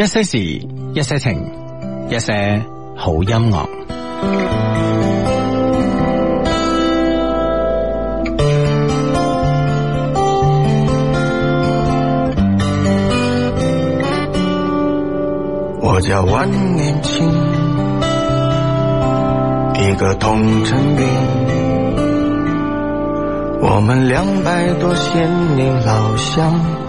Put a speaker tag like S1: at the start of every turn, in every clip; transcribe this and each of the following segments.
S1: 一些事，一些情，一些好音樂。
S2: 我叫萬年青，一個同城兵，我們兩百多先年老鄉。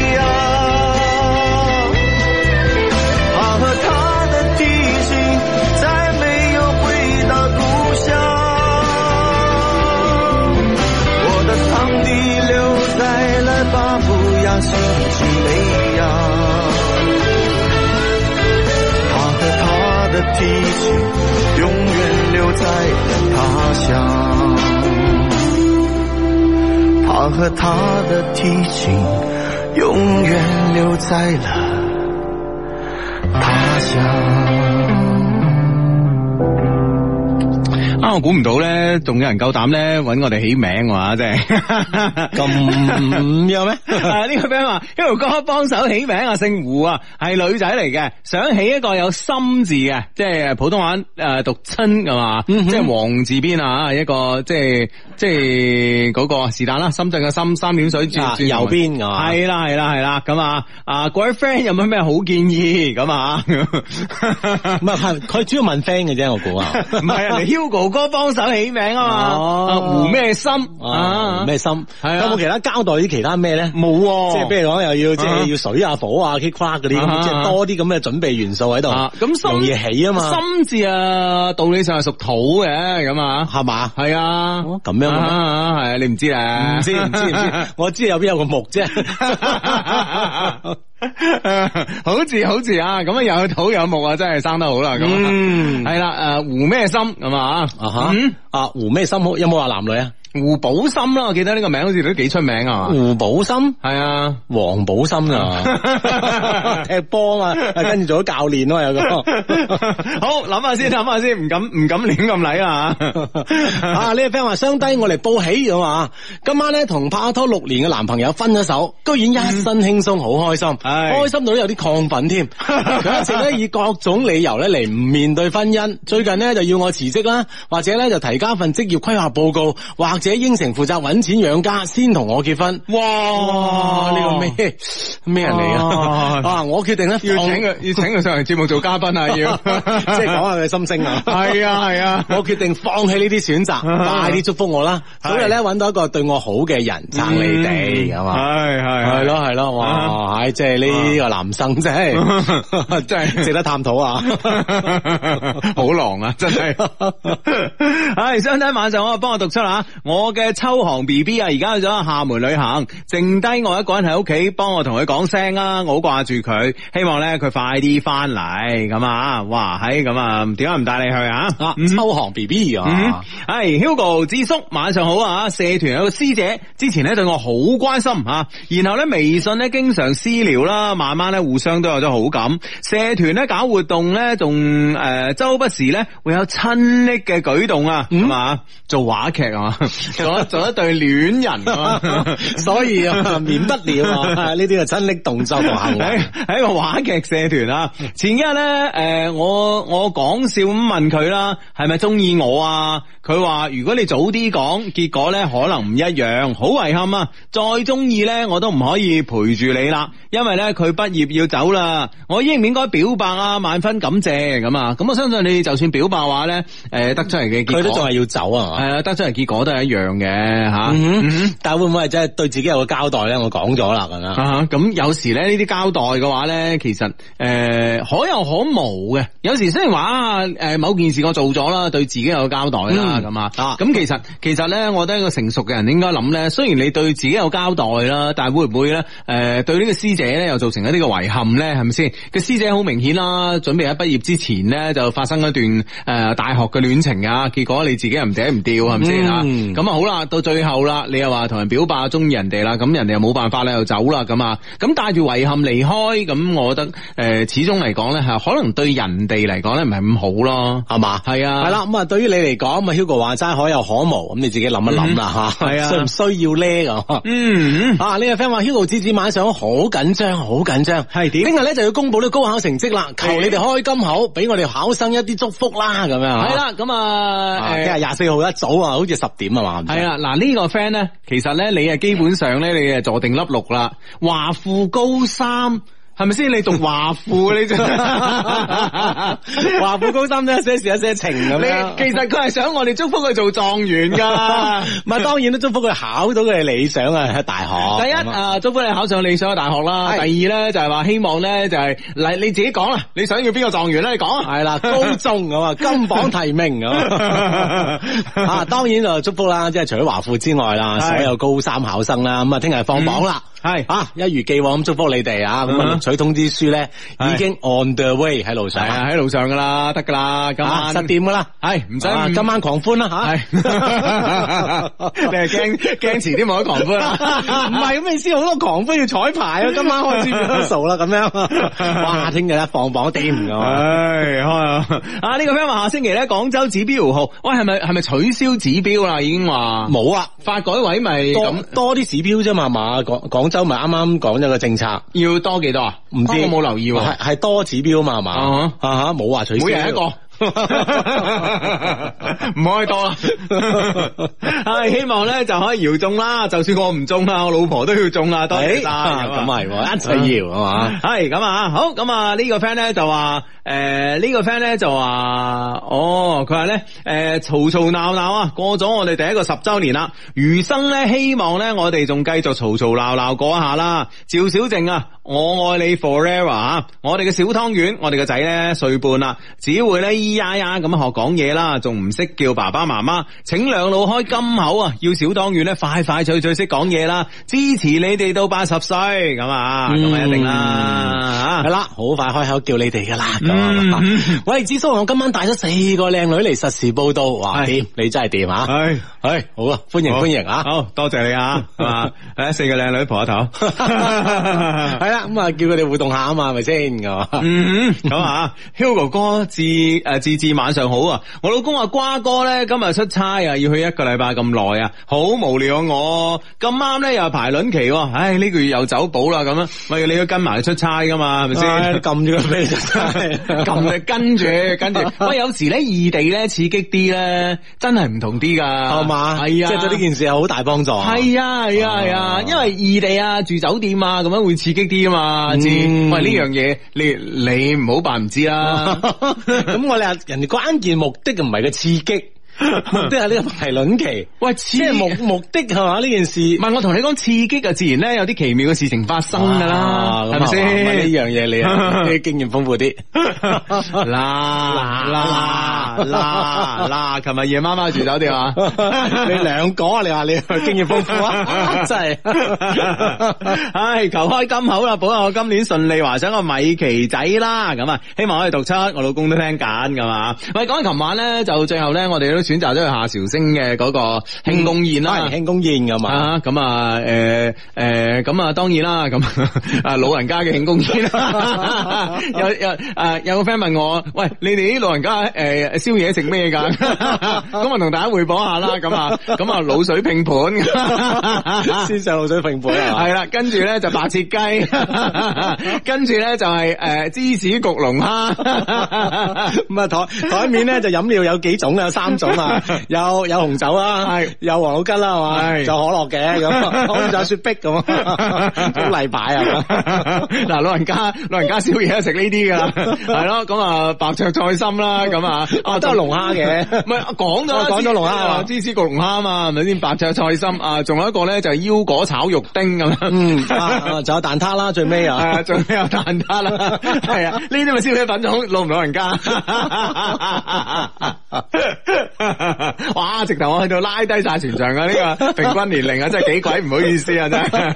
S2: 他和他的提琴，永遠留在了他鄉。他和他的提琴，永遠留在了他鄉。
S1: 我估唔到咧，仲有人夠膽咧揾我哋起名話，即係咁樣咩？呢 又嗎、 啊呢個 friend 話。Hugo 哥幫手起名啊，姓胡啊，係女仔嚟嘅，想起一個有心字嘅，即係普通話誒讀親係嘛，即係黃字邊啊，一個即係即係嗰個是但啦。深圳嘅心三點水轉右邊，係啦係啦係啦咁啊，啊各位 friend 有冇咩好建議咁啊？唔係佢主要問 friend 嘅啫，我估啊，唔係嚟 Hugo 哥幫手起名啊，胡咩心啊，胡咩心？有冇其他交代啲其他咩咧？冇，即係譬如講有。要即係、啊、要水火卡卡啊火啊 K 夸嗰啲，即係多啲咁嘅準備元素喺度，咁、啊、容易起啊嘛。心字啊，道理上係屬土嘅，咁啊，係嘛，係啊，咁樣啊，你唔知啊？唔、哦啊啊啊啊、知唔知唔 知，道 我知道，我知有邊有個木啫、啊。 好似，好似啊，咁啊有土有木啊，真係生得好啦。咁係啦，誒胡咩心咁啊？啊胡咩心，、啊啊啊、心？有冇話男女啊？胡寶森啦，我記得呢個名好似都幾出名啊。胡寶森係啊，黃寶森 啊，踢波啊，跟住做咗教練咯，有 個好諗下先，諗下先，唔 敢唔敢亂咁禮啊！ 啊，呢個 friend 話雙低，我嚟報喜啊嘛！今晚咧同拍拖六年嘅男朋友分咗手，居然一身輕鬆，好開心，嗯、開心到都有啲亢奮添。 佢一直咧以各種理由咧嚟唔面對婚姻，最近呢，就要我辭職啦，或者咧就提交一份職業規劃報告，話。自己應承負責搵錢養家，先同我結婚。
S2: 哇！呢、這個咩
S1: 咩人嚟啊？啊！我決定咧要請佢，要請佢上嚟節目做嘉賓 要 啊！要即係講下佢心聲啊！係啊係啊！我決定放棄呢啲選擇、啊，快啲祝福我啦！早日咧搵到一個對我好嘅人，撐、嗯、你哋咁啊！係係係咯係咯！哇！唉、啊，即係呢個男生、啊、 真係真係值得探討啊！ 好狼啊！真係唉， 相睇晚上我幫我讀出啊！我嘅秋航 B B 啊，而家去咗廈門旅行，剩低我一個人喺屋企，幫我同佢講聲啊，我好掛住佢，希望咧佢快啲翻嚟咁啊！哇，係、哎、咁啊，點解唔帶你去啊？秋航 B B 啊，係、啊嗯、Hugo 智叔，晚上好啊！社團有個師姐，之前咧對我好關心啊，然後咧微信咧經常私聊啦，慢慢咧互相都有咗好感。社團咧搞活動咧，仲、呃、誒周不時咧會有親昵嘅舉動、嗯、啊，咁啊做話劇啊。做一，做一對戀對戀人、啊， 所以、啊、免不了呢啲啊，親 昵動作同行。喺一個話劇社團啊，前一日咧，誒、呃，我我講笑咁問佢啦，係咪中意我啊？佢話如果你早啲講，結果咧可能唔一樣，好遺憾啊！再中意咧，我都唔可以陪住你啦，因為咧佢畢業要走啦。我應唔應該表白啊？萬分感謝咁啊！咁我相信你，就算表白話咧，誒、呃，得出嚟嘅結果，佢都仲係要走啊！係啊，得出嚟結果都係樣嘅？吓，但會唔會真係對自己有個交代咧？我講咗啦，咁樣咁有時咧，呢啲交代嘅話咧，其實誒、呃、可有可無嘅。有時雖然話誒，某件事我做咗啦，對自己有個交代啦，咁啊，咁其實其實咧，我覺得一個成熟嘅人應該諗咧，雖然你對自己有交代啦，但會唔會咧誒、呃、對呢個師姐咧又造成一啲嘅遺憾咧？係咪先？個師姐好明顯啦，準備喺畢業之前咧就發生一段誒、呃、大學嘅戀情啊，結果你自己又唔嗲唔吊，係咪先啊？咁好啦，到最後啦，你又話同人表白中意人哋啦，咁人哋又冇辦法啦，又走啦，咁啊，咁帶住遺憾離開，咁我覺得誒、呃，始終嚟講咧，係可能對人哋嚟講咧，唔係咁好咯，係嘛，係啊，係啦，咁啊，對於你嚟講，阿 Hugo 話齋可有可無，咁你自己諗一諗啦，吓、嗯，係啊，需唔需要呢？咁、嗯，嗯、 啊，呢個 friend 話 Hugo 姐子晚上好緊張，好緊張，係點？聽日咧就要公布啲高考成績啦，求你哋開金口，俾我哋考生一啲祝福啦，咁樣，係啦，咁啊，聽日廿四號一早啊，好似十點啊嘛。係啊，嗱呢個 friend 咧，其實咧你啊基本上咧你啊坐定粒六啦，華富高三。係咪先？你讀華富，你就華富高三啫，一些事一些情咁樣。其實佢係想我哋祝福佢做狀元噶。 咪當然都祝福佢考到佢理想啊，大學。第一啊，祝福你考上理想嘅大學啦。第二咧就係話希望咧就係、是、嚟，你自己講啦，你想要邊個狀元咧？你講。係啦，高中咁啊，金榜題名咁啊。 啊，當然就祝福啦，即係除咗華富之外啦，所有高三考生啦。咁啊，聽日放榜啦。嗯係吓，一如既往咁祝福你哋吓。咁錄取通知書咧，已經 on the way 喺路上，係喺路上噶啦，得噶啦。今晚實掂噶啦，係唔使。今晚狂歡啦吓，你驚驚遲啲冇得狂歡？唔係咁意思，好多狂歡要彩排啊。今晚開始就傻啦咁樣。哇，聽日放榜點啊？唉，開啊！呢個咩話下星期咧，廣州指標號喂，係咪係咪取消指標啦？已經話冇啊？發改委咪咁多啲指標啫嘛？係嘛，廣廣。收埋啱啱講咗個政策，要多幾多啊？唔知、啊、我冇留意、啊，係係多指標嘛？係、啊、嘛？啊哈，冇話取消，每人一個。唔 可以多， 係希望咧就可以搖中啦。就算我唔中啦，我老婆都要中啦、哎、這是啊，當然啦，咁係一齊搖啊嘛。係咁啊，好咁啊，呢個 friend 咧就話，誒、呃、呢、這個 friend 咧就話，哦佢話咧，誒、呃、嘈嘈鬧鬧啊，過咗我哋第一個十周年啦，餘生咧希望咧我哋仲繼續嘈嘈鬧鬧過一下啦。趙小靜啊。我愛你 forever 啊我哋嘅小湯圓，我哋嘅仔咧歲半啦，只會咧咿呀呀咁學講嘢啦，仲唔識叫爸爸媽媽？請兩老開金口啊！要小湯圓咧快快脆脆識講嘢啦，支持你哋到八十歲咁啊！咁係、嗯、一定啦，係、嗯、啦，好快開口叫你哋噶啦咁，喂，紫叔，我今晚帶咗四個靚女嚟實時報道，哇！掂，你真係掂啊！去去好啊！歡迎歡迎啊！好，好多謝你啊！係 啊，四個靚女婆頭。 咁、嗯、啊，叫佢哋互動下啊嘛，係咪先？哦、嗯，咁、嗯、啊 ，Hugo 哥，自誒自自晚上好啊！我老公話瓜哥咧，今日出差啊，要去一個禮拜咁耐啊，好無聊啊！我咁啱咧又係排卵期，唉，呢、這個月又走寶啦咁啊！喂，你要跟埋出差噶嘛？係咪先？撳住個咩啫？撳啊， 跟住跟住，跟 喂，有時咧異地咧刺激啲咧，真係唔同啲噶，好嘛？係啊，即係對呢件事有好大幫助。係啊係啊係啊，啊，啊，啊，因為異地啊住酒店啊咁樣會刺激啲。啊嘛，知、嗯，喂呢樣嘢，你你唔好扮唔知啦。咁我哋啊， 人哋關鍵目的就唔係個刺激。目的係呢個排卵期，喂，即係目目的係嘛呢件事？唔係我同你講刺激啊，自然咧有啲奇妙嘅事情發生噶 啦，係咪先呢樣嘢你，啊？啲經驗豐富啲，嗱嗱嗱嗱嗱，琴日夜媽媽住酒店啊，你兩講啊，你話你經驗豐富啊，真係，唉，求開金口啦，保佑我今年順利，話想個米奇仔啦，咁啊，希望可以讀出，我老公都聽緊，噶嘛！喂，講起琴晚咧，就最後咧，我哋都。選擇咗去夏朝星嘅嗰個慶功宴啦，慶功宴噶嘛，咁啊，誒誒，咁啊，當然啦，咁啊，老人家嘅慶功宴啦，
S2: 有有
S1: 誒，有個 friend 問我，喂，你哋啲老人家誒，宵夜食咩噶？咁啊，同大家匯報下啦，咁啊，咁啊，滷水拼盤，先上滷水拼盤，係啦，跟住咧就白切雞，跟住咧就係誒芝士焗龍蝦，咁啊台台面咧就飲料有幾種啊？有三種。 有有紅酒啦、啊，係有黃老吉啦、啊，係咪？就可樂嘅咁，好似雪碧咁，好例牌啊！嗱， 老人家老人家宵夜食呢啲噶，係 咯。咁啊，白灼菜心啦，咁啊，
S2: 啊都龍蝦嘅，唔係講咗啦，講咗龍蝦芝
S1: 士焗龍蝦啊嘛，係咪先？白灼菜心啊，仲、啊啊啊有， 啊啊啊啊、有一個咧就腰果炒肉丁咁、啊、樣，仲、 嗯啊、有蛋撻啦，最尾啊，最尾、啊 啊、有蛋撻啦，係啊，呢啲咪宵夜品種老唔老人家？ 哇！直頭我去到拉低晒全場噶呢個平均年齡啊， 真係幾鬼唔好意思啊真係。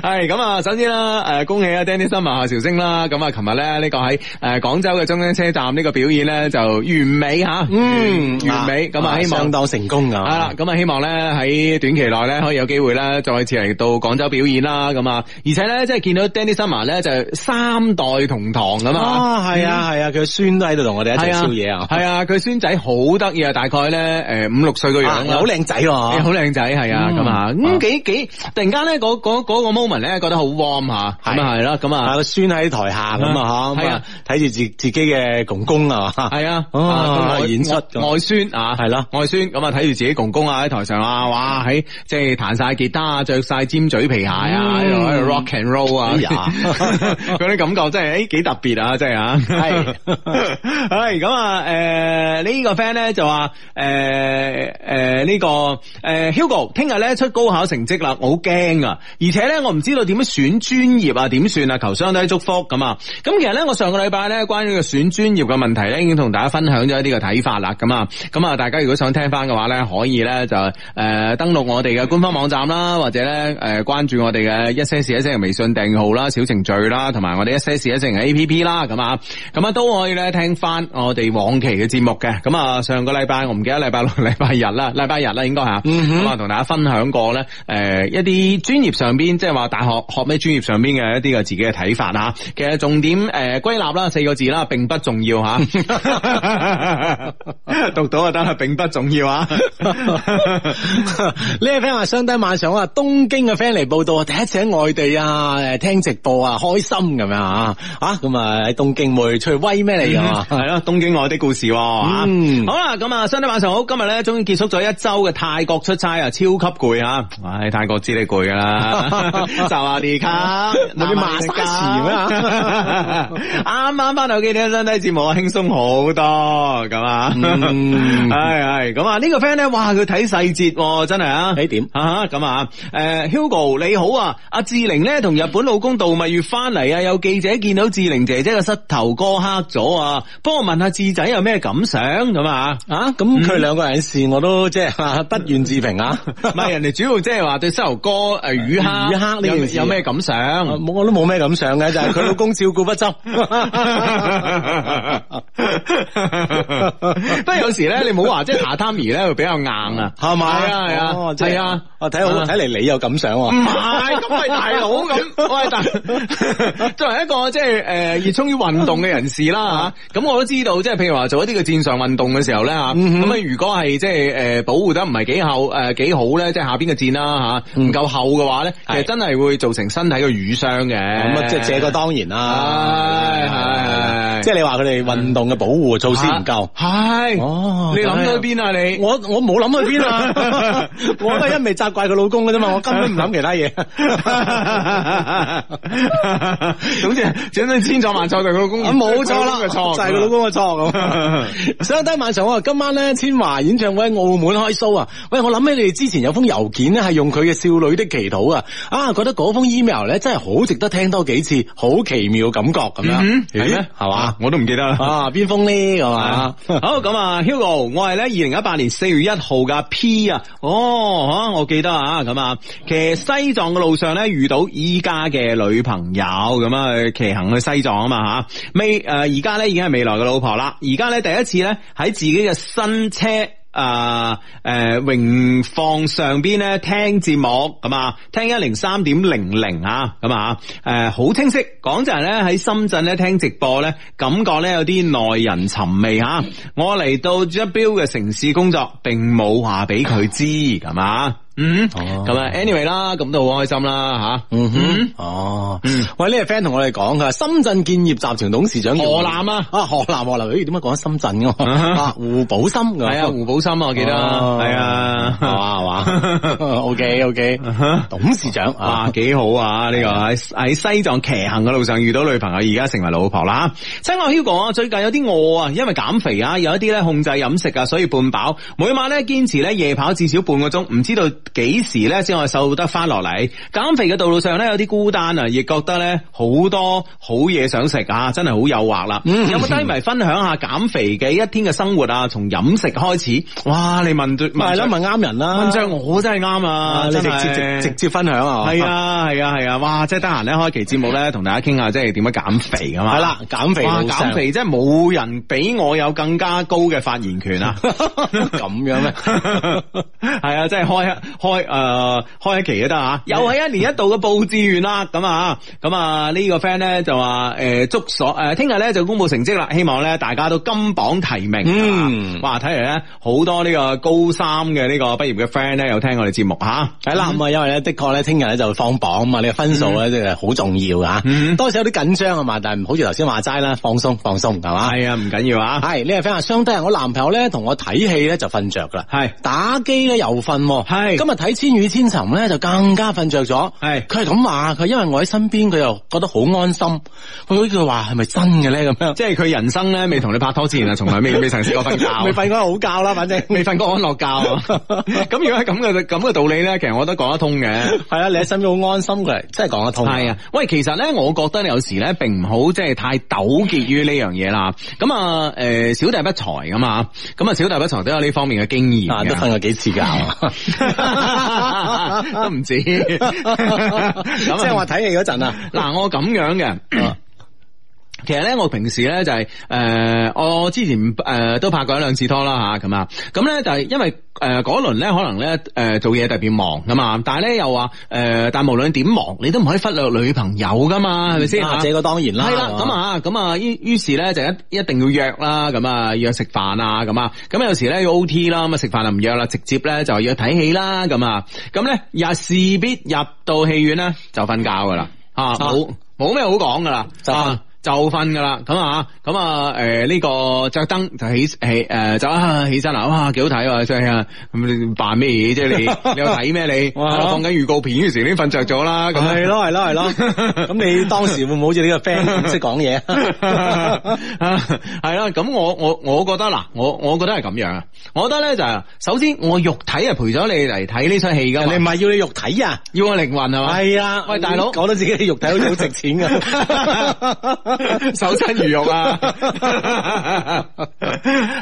S1: 係咁啊，首先啦，誒、呃，恭喜啊，Danny Summer 夏韶聲啦。咁啊，琴日咧呢個喺誒廣州嘅中央車站呢個表演咧就完美吓、啊，嗯，完美。咁啊，啊，啊，啊，希望當成功啊。係啦，咁啊，希望咧喺短期內咧可以有機會咧再次嚟到廣州表演啦。咁啊，而且咧即係見到 Danny Summer 咧就三代同堂啊啊，係啊，係啊，佢孫都喺度同我哋一齊笑嘢啊。係啊，佢孫仔好得意啊，大、啊。佢咧，誒五六歲個樣好靚仔喎，好靚仔，係啊，咁啊，咁、欸啊嗯嗯、幾幾，幾，突然間、那、咧、個，嗰、那個 moment 咧，覺得好 warm 嚇，咁啊係啦咁啊，孫喺台下咁啊嚇，啊，睇住自自己嘅公公啊，係啊，啊，啊演出外孫啊，係啦外孫咁啊，睇住、啊啊啊嗯、自己公公啊喺台上啊，哇，喺即係彈曬吉他啊，着曬尖嘴皮鞋啊，喺度 rock and roll 啊，嗰啲感覺真係誒幾特別啊，真係啊，係，係咁啊，誒呢個 friend 咧就話。誒誒呢個誒、呃、Hugo，聽日咧出高考成績啦，我好驚啊！而且咧我唔知道點樣選專業啊，點算啊？求上帝祝福咁啊！咁其實咧我上個禮拜咧關於個選專業嘅問題咧，已經同大家分享咗一啲嘅睇法啦，咁啊，咁啊大家如果想聽翻嘅話咧，可以咧就誒、呃、登錄我哋嘅官方網站啦，或者咧誒關注我哋嘅一些事一些人微信訂號啦、小程序啦，同埋我哋一些事一些人嘅 A P P 啦，咁啊，咁啊都可以咧聽翻我哋往期嘅節目嘅，咁啊上個禮拜。唔記得禮拜六、禮拜日啦，禮拜日啦，應該吓，咁啊，同大家分享過咧，誒、呃，一啲專業上邊，即係話大學學咩專業上邊嘅一啲嘅自己嘅睇法啊。其實重點誒歸納啦，四個字啦，並不重要吓。啊、 讀到就得，並不重要啊。呢個 friend 話，晚上啊，東京嘅 friend 嚟報道啊，第一次喺外地啊，誒，聽直播啊，開心咁樣啊，啊，咁啊喺東京會出去威咩嚟噶？係咯，東京外地、嗯、 故事啊。嗯、好啦，咁啊，相大家晚上好，今日咧終於結束咗一周嘅泰國出差啊，超級攰啊。唉、哎，泰國知你攰噶啦，就阿李卡，諗啲萬花瓷咩？啱啱翻到機聽身體節目，啊，輕鬆好多咁啊！係係咁啊！呢個 friend 咧，哇佢睇細節真係啊！睇點啊？咁啊？誒，Hugo 你好啊！阿志玲咧同日本老公度蜜月翻嚟啊！有記者見到志玲姐姐嘅膝頭哥黑咗啊！幫我問下志仔有咩感想咁啊？啊咁？佢、嗯、兩個人事我都即係不願自評啊！唔係、啊、 人哋主要即係話對西游哥誒，魚蝦魚蝦呢件事有咩感想？冇、啊，我都冇咩感想嘅， 就係佢老公照顧不周。不 過 有時咧，你唔好話話即係塔塔米咧，會比較硬啊，係咪？係啊，係、哦、啊，係、就是、啊！我睇好睇嚟，你有感想、啊？唔 係，咁係大佬咁， 我係大，作為一個即係誒熱衷於運動嘅人士啦吓。咁 我都知道，即係譬如話做一啲嘅戰上運動嘅時候咧吓。 咁、嗯、啊，如果係即係誒保護得唔係幾厚誒、呃、幾好咧，即係下邊嘅墊啦吓，唔、啊、夠厚嘅話咧、嗯，其實真係會造成身體嘅瘀傷嘅。咁、嗯、啊，即係這個當然啦，係、哎哎哎哎，即係你話佢哋運動嘅保護措施唔夠，係、啊啊哎，哦，你諗到去邊啊？你我我冇諗去邊啊，我都係一味責怪佢老公嘅啫嘛，我根本唔諗其他嘢， 總之總之千錯萬錯就係佢老公，冇錯啦，錯就係佢老公嘅錯，所以第一晚上我話今晚咧。千嬅演唱會澳門開 show 啊！喂，我諗起你哋之前有封郵件咧，係用佢嘅《少女的祈禱》啊，啊，覺得嗰封 email 咧真係好值得聽多幾次，好奇妙嘅感覺咁樣係咩？係、嗯、嘛、嗯嗯啊，我都唔記得啦。啊，邊封呢？係嘛、啊？好咁啊，Hugo，我係咧二零一八年四月一號噶 P 啊，哦，我記得啊，咁啊，其實西藏嘅路上咧遇到依家嘅女朋友，咁啊，去騎行去西藏嘛啊嘛吓，未誒，而家咧已經係未來嘅老婆啦。而家咧第一次咧喺自己嘅新。車啊，誒、呃，榮、呃、放上邊咧聽節目咁啊，聽一零三點零零啊，咁、呃、啊，誒，好清晰。講就係咧喺深圳咧聽直播咧，感覺咧有啲耐人尋味吓。我嚟到 J B 嘅城市工作，並冇話俾佢知，嗯、mm -hmm. 啊，咁、anyway, 啊，anyway 啦，咁都好開心啦、啊，吓、啊，嗯、啊、哼，哦，嗯，喂，呢個 friend 同我哋講佢話深圳建業集團董事長河南啊， 啊河南劉如點解講喺深圳嘅啊、uh -huh. 啊？胡寶森，係 啊，胡寶森我記得，係啊，係、uh、嘛 -huh. 啊，係 嘛、啊、 ，OK OK，、uh -huh. 董事長啊，幾好啊，呢、 這個喺喺西藏騎行嘅路上遇到女朋友，而家成為老婆啦。親愛 Hugo 啊，最近有啲餓啊，因為減肥啊，有一啲咧控制飲食啊，所以半飽，每晚咧堅持咧夜跑至少半個鐘，唔知道。幾時咧先可以瘦得翻落嚟？減肥嘅道路上咧有啲孤單啊，亦覺得咧好多好嘢想食啊，真係好誘惑啦、嗯！有冇低迷分享下減肥嘅一天嘅生活啊？從飲食開始，哇！你問，問，問對，係啦、啊，問啱人啦。問上我真係啱啊！直接直，接直接分享啊！係啊，係啊，係啊，啊，啊！哇，即係得閒咧，開期節目咧，同大家傾下即係點樣減肥噶嘛？係啦，減肥，啊是啊、減肥哇，減肥即係冇人比我有更加高嘅發言權啊！咁 樣咩嗎？係 啊，真係開開誒、呃、開一期都得吓，又係一年一度嘅報志願啦，咁 啊咁啊呢、這個 friend 咧就話誒、呃、祝所誒聽日咧就公布成績啦，希望咧大家都金榜題名。嗯哇，哇睇嚟咧好多呢個高三嘅呢個畢業嘅 friend 咧有聽我哋節目吓，係、啊、啦，嗯嗯因為咧的確咧聽日咧就放榜啊嘛，呢個分數咧即係好重要啊，多、嗯嗯、時有啲緊張啊嘛，但係唔好似頭先話齋啦，放鬆放鬆係嘛？係啊，唔緊要啊，係呢、啊這個 friend 話相對我男朋友咧同我睇戲咧就瞓着噶啦，係打機咧又瞓、啊，係。今日睇千與千尋咧，就更加瞓着咗。係佢係咁話，佢因為我喺身邊，佢又覺得好安心。佢呢句話係咪真嘅咧？咁樣，即係佢人生咧，未同你拍拖之前啊，從來未未曾試過瞓覺， 未瞓過好覺啦，反正未瞓過安樂覺。咁 如果係咁嘅咁嘅道理咧，其實我都講得通嘅。係 啊，你喺身邊好安心嘅，真係講得通。係啊，喂，其實咧，我覺得你有時咧，並唔好即係太糾結於呢樣嘢啦。咁啊，誒、呃，小弟不才噶嘛。咁啊，小弟不才都有呢方面嘅經驗、啊，都瞓過幾次覺。
S3: 都唔止，
S1: 咁， 即係話睇戲嗰陣啊！嗱，我咁樣嘅。其實咧，我平時咧就係、是、誒、呃，我之前誒、呃、都拍過一兩次拖啦吓，咁啊，咁咧就係因為誒嗰輪咧可能咧誒做嘢特別忙噶嘛，但係咧又話誒、呃，但無論點忙，你都唔可以忽略女朋友噶嘛，係咪先？啊，這個當然啦，係啦，咁啊，咁啊，於於是咧就一一定要約啦，咁啊約食飯啊，咁啊，咁、啊、有時咧要 OT 啦、啊，咁啊食飯就唔約啦，直接咧就約睇戲啦，咁啊，咁咧又事必入到戲院咧就瞓覺噶啦，冇冇咩好講噶啦，就。啊就瞓噶啦，咁、呃這個呃、啊，咁啊，誒呢個着燈就起起誒就一下起身啦，哇幾好睇喎，即係咁你扮咩嘢啫？你有睇咩？你我講緊預告片嗰時已經瞓着咗啦，咁係咯係咯係咯，咁 你當時會唔會好似呢個 friend 識講嘢？係咯，咁我我我覺得嗱，我我覺得係咁樣啊，我覺得咧就係、首先我肉體係陪咗你嚟睇呢出戲噶，你唔係要你肉體啊，要我靈魂係嘛？係啊，喂大佬，講到自己啲肉體好似好值錢噶。 手執如肉啊，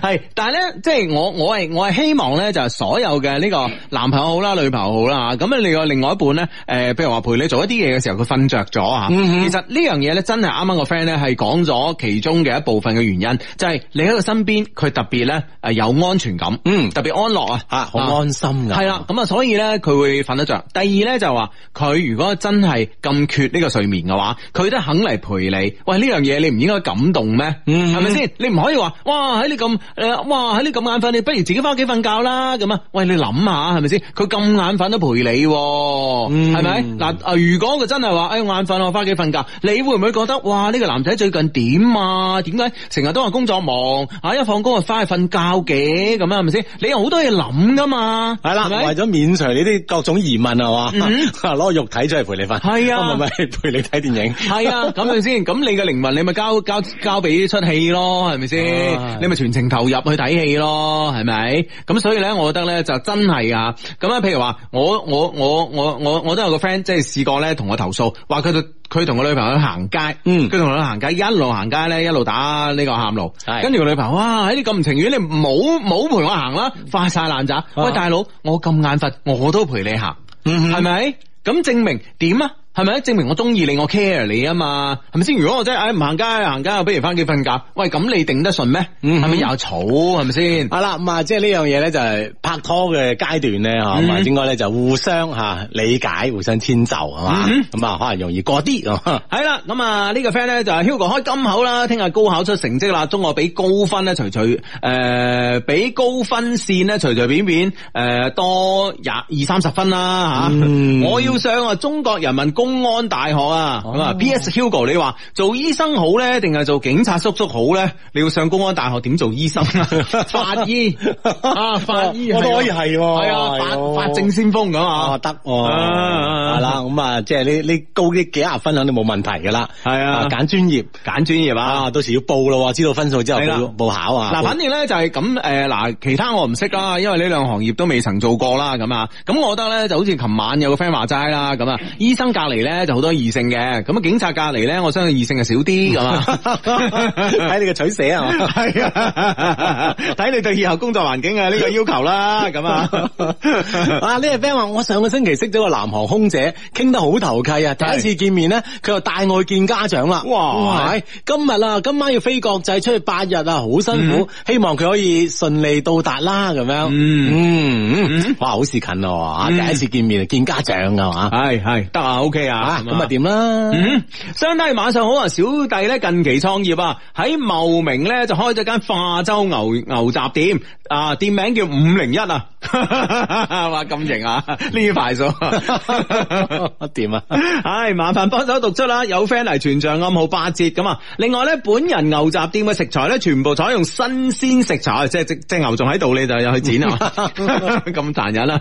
S1: 係，但係咧，即係我我係我係希望咧，就係、是、所有嘅呢個男朋友好啦，女朋友好啦咁啊，你個另外一半咧，誒，譬如話陪你做一啲嘢嘅時候，佢瞓着咗啊，其實呢樣嘢咧，真係啱啱個 friend 咧係講咗其中嘅一部分嘅原因，就係、是、你喺佢身邊，佢特別咧誒有安全感，嗯，特別安樂啊，吓，好安心嘅，係啦，咁啊，所以咧佢會瞓得着。第二咧就話佢如果真係咁缺呢個睡眠嘅話，佢都肯嚟陪你喂。呢樣嘢你唔應該感動咩？係咪先？你唔可以話哇喺你咁誒，哇喺你咁眼瞓，你不如自己翻屋企瞓覺啦咁啊！喂，你諗下係咪先？佢咁眼瞓都陪你，係、嗯、咪？嗱，如果佢真係話誒眼瞓，我翻屋企瞓覺，你會唔會覺得哇呢、呢個男仔最近點啊？點解成日都話工作忙啊？一放工就翻去瞓覺嘅咁啊？係咪先？你有好多嘢諗噶嘛？係啦，為咗免除你啲各種疑問係嘛，攞、嗯、個肉體出嚟陪你瞓，係啊，唔係陪你睇電影，係啊，咁、 啊、樣先。咁你嘅。命運你咪交交交俾出戲咯，係咪先？你咪全程投入去睇戲咯，係咪？咁所以咧，我覺得咧就真係啊！咁啊，譬如話我我我我我我都有個 friend，即係試過咧同我投訴，話佢佢同個女朋友去行街，嗯，佢同佢行街一路行街咧一,一路打呢個喊路，跟住個女朋友哇，喺啲咁唔情願，你唔好唔好陪我行啦，快晒爛渣。啊」喂，大佬，我咁眼瞓，我都陪你行，係、嗯、咪？咁證明點啊？係咪？證明我中意你，我 care 你啊嘛？係咪先？如果我真係唔行街，行街又不如翻屋企瞓覺。喂，咁你定得順咩、嗯嗯？嗯，係咪又嘈？係咪先？啊啦，咁啊，即係呢樣嘢咧，就係拍拖嘅階段咧，吓，咁啊，應該咧就互相吓理解，互相遷就，係嘛？咁、嗯、啊、嗯，可能容易過啲。哦，係 啦，咁啊，呢個 friend 咧就係 Hugo 開金口啦，聽日高考出成績啦，中學俾高分咧，隨隨誒俾高分線咧，隨隨便便誒、呃、多廿二,二三十分啦吓、嗯。我要上啊，中國人民公安大學啊，咁啊，P.S. Hugo，你話做醫生好咧，定係做警察叔叔好咧？你要上公安大學點做醫生啊？ 法醫、啊，法醫，我都可以係、哦，係啊，啊，法啊法證先鋒咁啊，得、啊、哦，係啦、啊，咁啊，啊，啊，即係你你高幾幾啊分肯定冇問題噶啦，係啊，揀、啊、專業揀專業啊，到時要報咯，知道分數之後報報考啊，嗱、啊，反正咧就係咁，誒，嗱，其他我唔識啦，因為呢兩行業都未曾做過啦，咁、嗯、啊、咁、嗯嗯嗯、我覺得咧就好似琴晚有個 friend 話齋啦，咁啊，醫生教。嚟咧就好多異性嘅，咁啊警察隔籬咧，我相信異性係少啲咁 啊。睇你嘅取捨啊，係啊，睇你對以後工作環境啊呢個要求啦。咁啊，啊呢個 friend 話我上個星期識咗個南航空姐，傾得好投契啊。第一次見面咧，佢又帶我去見家長啦。哇，今日啊，今晚要飛國際出去八日啊，好辛苦，嗯、希望佢可以順利到達啦。咁樣，嗯嗯，哇，好事近啊、嗯。第一次見面見家長噶嘛，係係得啊，O K。啊咁啊點啦、啊？嗯，兄弟晚上好啊，小弟咧近期創業啊，喺茂名咧就開咗間化州牛牛雜店啊，店名叫五零一啊，哇咁型啊，呢排數點啊？唉，麻煩幫手讀出啦，有 friend 嚟全場暗號八折咁啊。另外咧，本人牛雜店嘅食材咧，全部採用新鮮食材，即係即即牛仲喺度你就入去剪、嗯、啊，咁殘忍啦。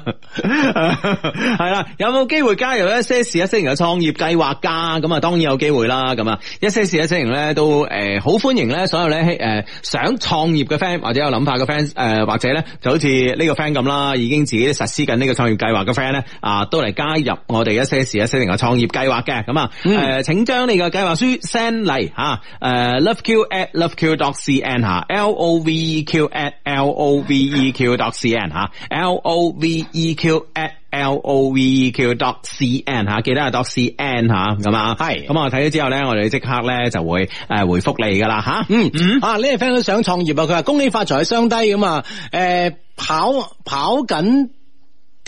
S1: 係啦、啊 啊，有冇機會加入呢試試一些事一些情？創業計劃家咁啊，當然有機會啦。咁啊，一些事一些情咧，都誒好歡迎咧，所有咧誒想創業嘅 friend 或者有諗法嘅 friend 誒，或者咧就好似呢個 friend 咁啦，已經自己實施緊呢個創業計劃嘅 friend 咧啊，都嚟加入我哋一些事一些情嘅創業計劃嘅。咁啊，誒，請將你嘅計劃書 send 嚟吓，誒 loveq at loveq. dot cn 吓，l o v e q at l o v e q. dot cn 吓，l o v e q at l o v e q dot c n 吓，記得係 dot c n 吓，咁啊係，咁啊睇咗之後咧，我哋即刻咧就會誒回覆你噶啦吓，嗯嗯，啊呢個 friend 都想創業啊，佢話恭喜發財雙低咁啊，誒、呃、跑跑緊。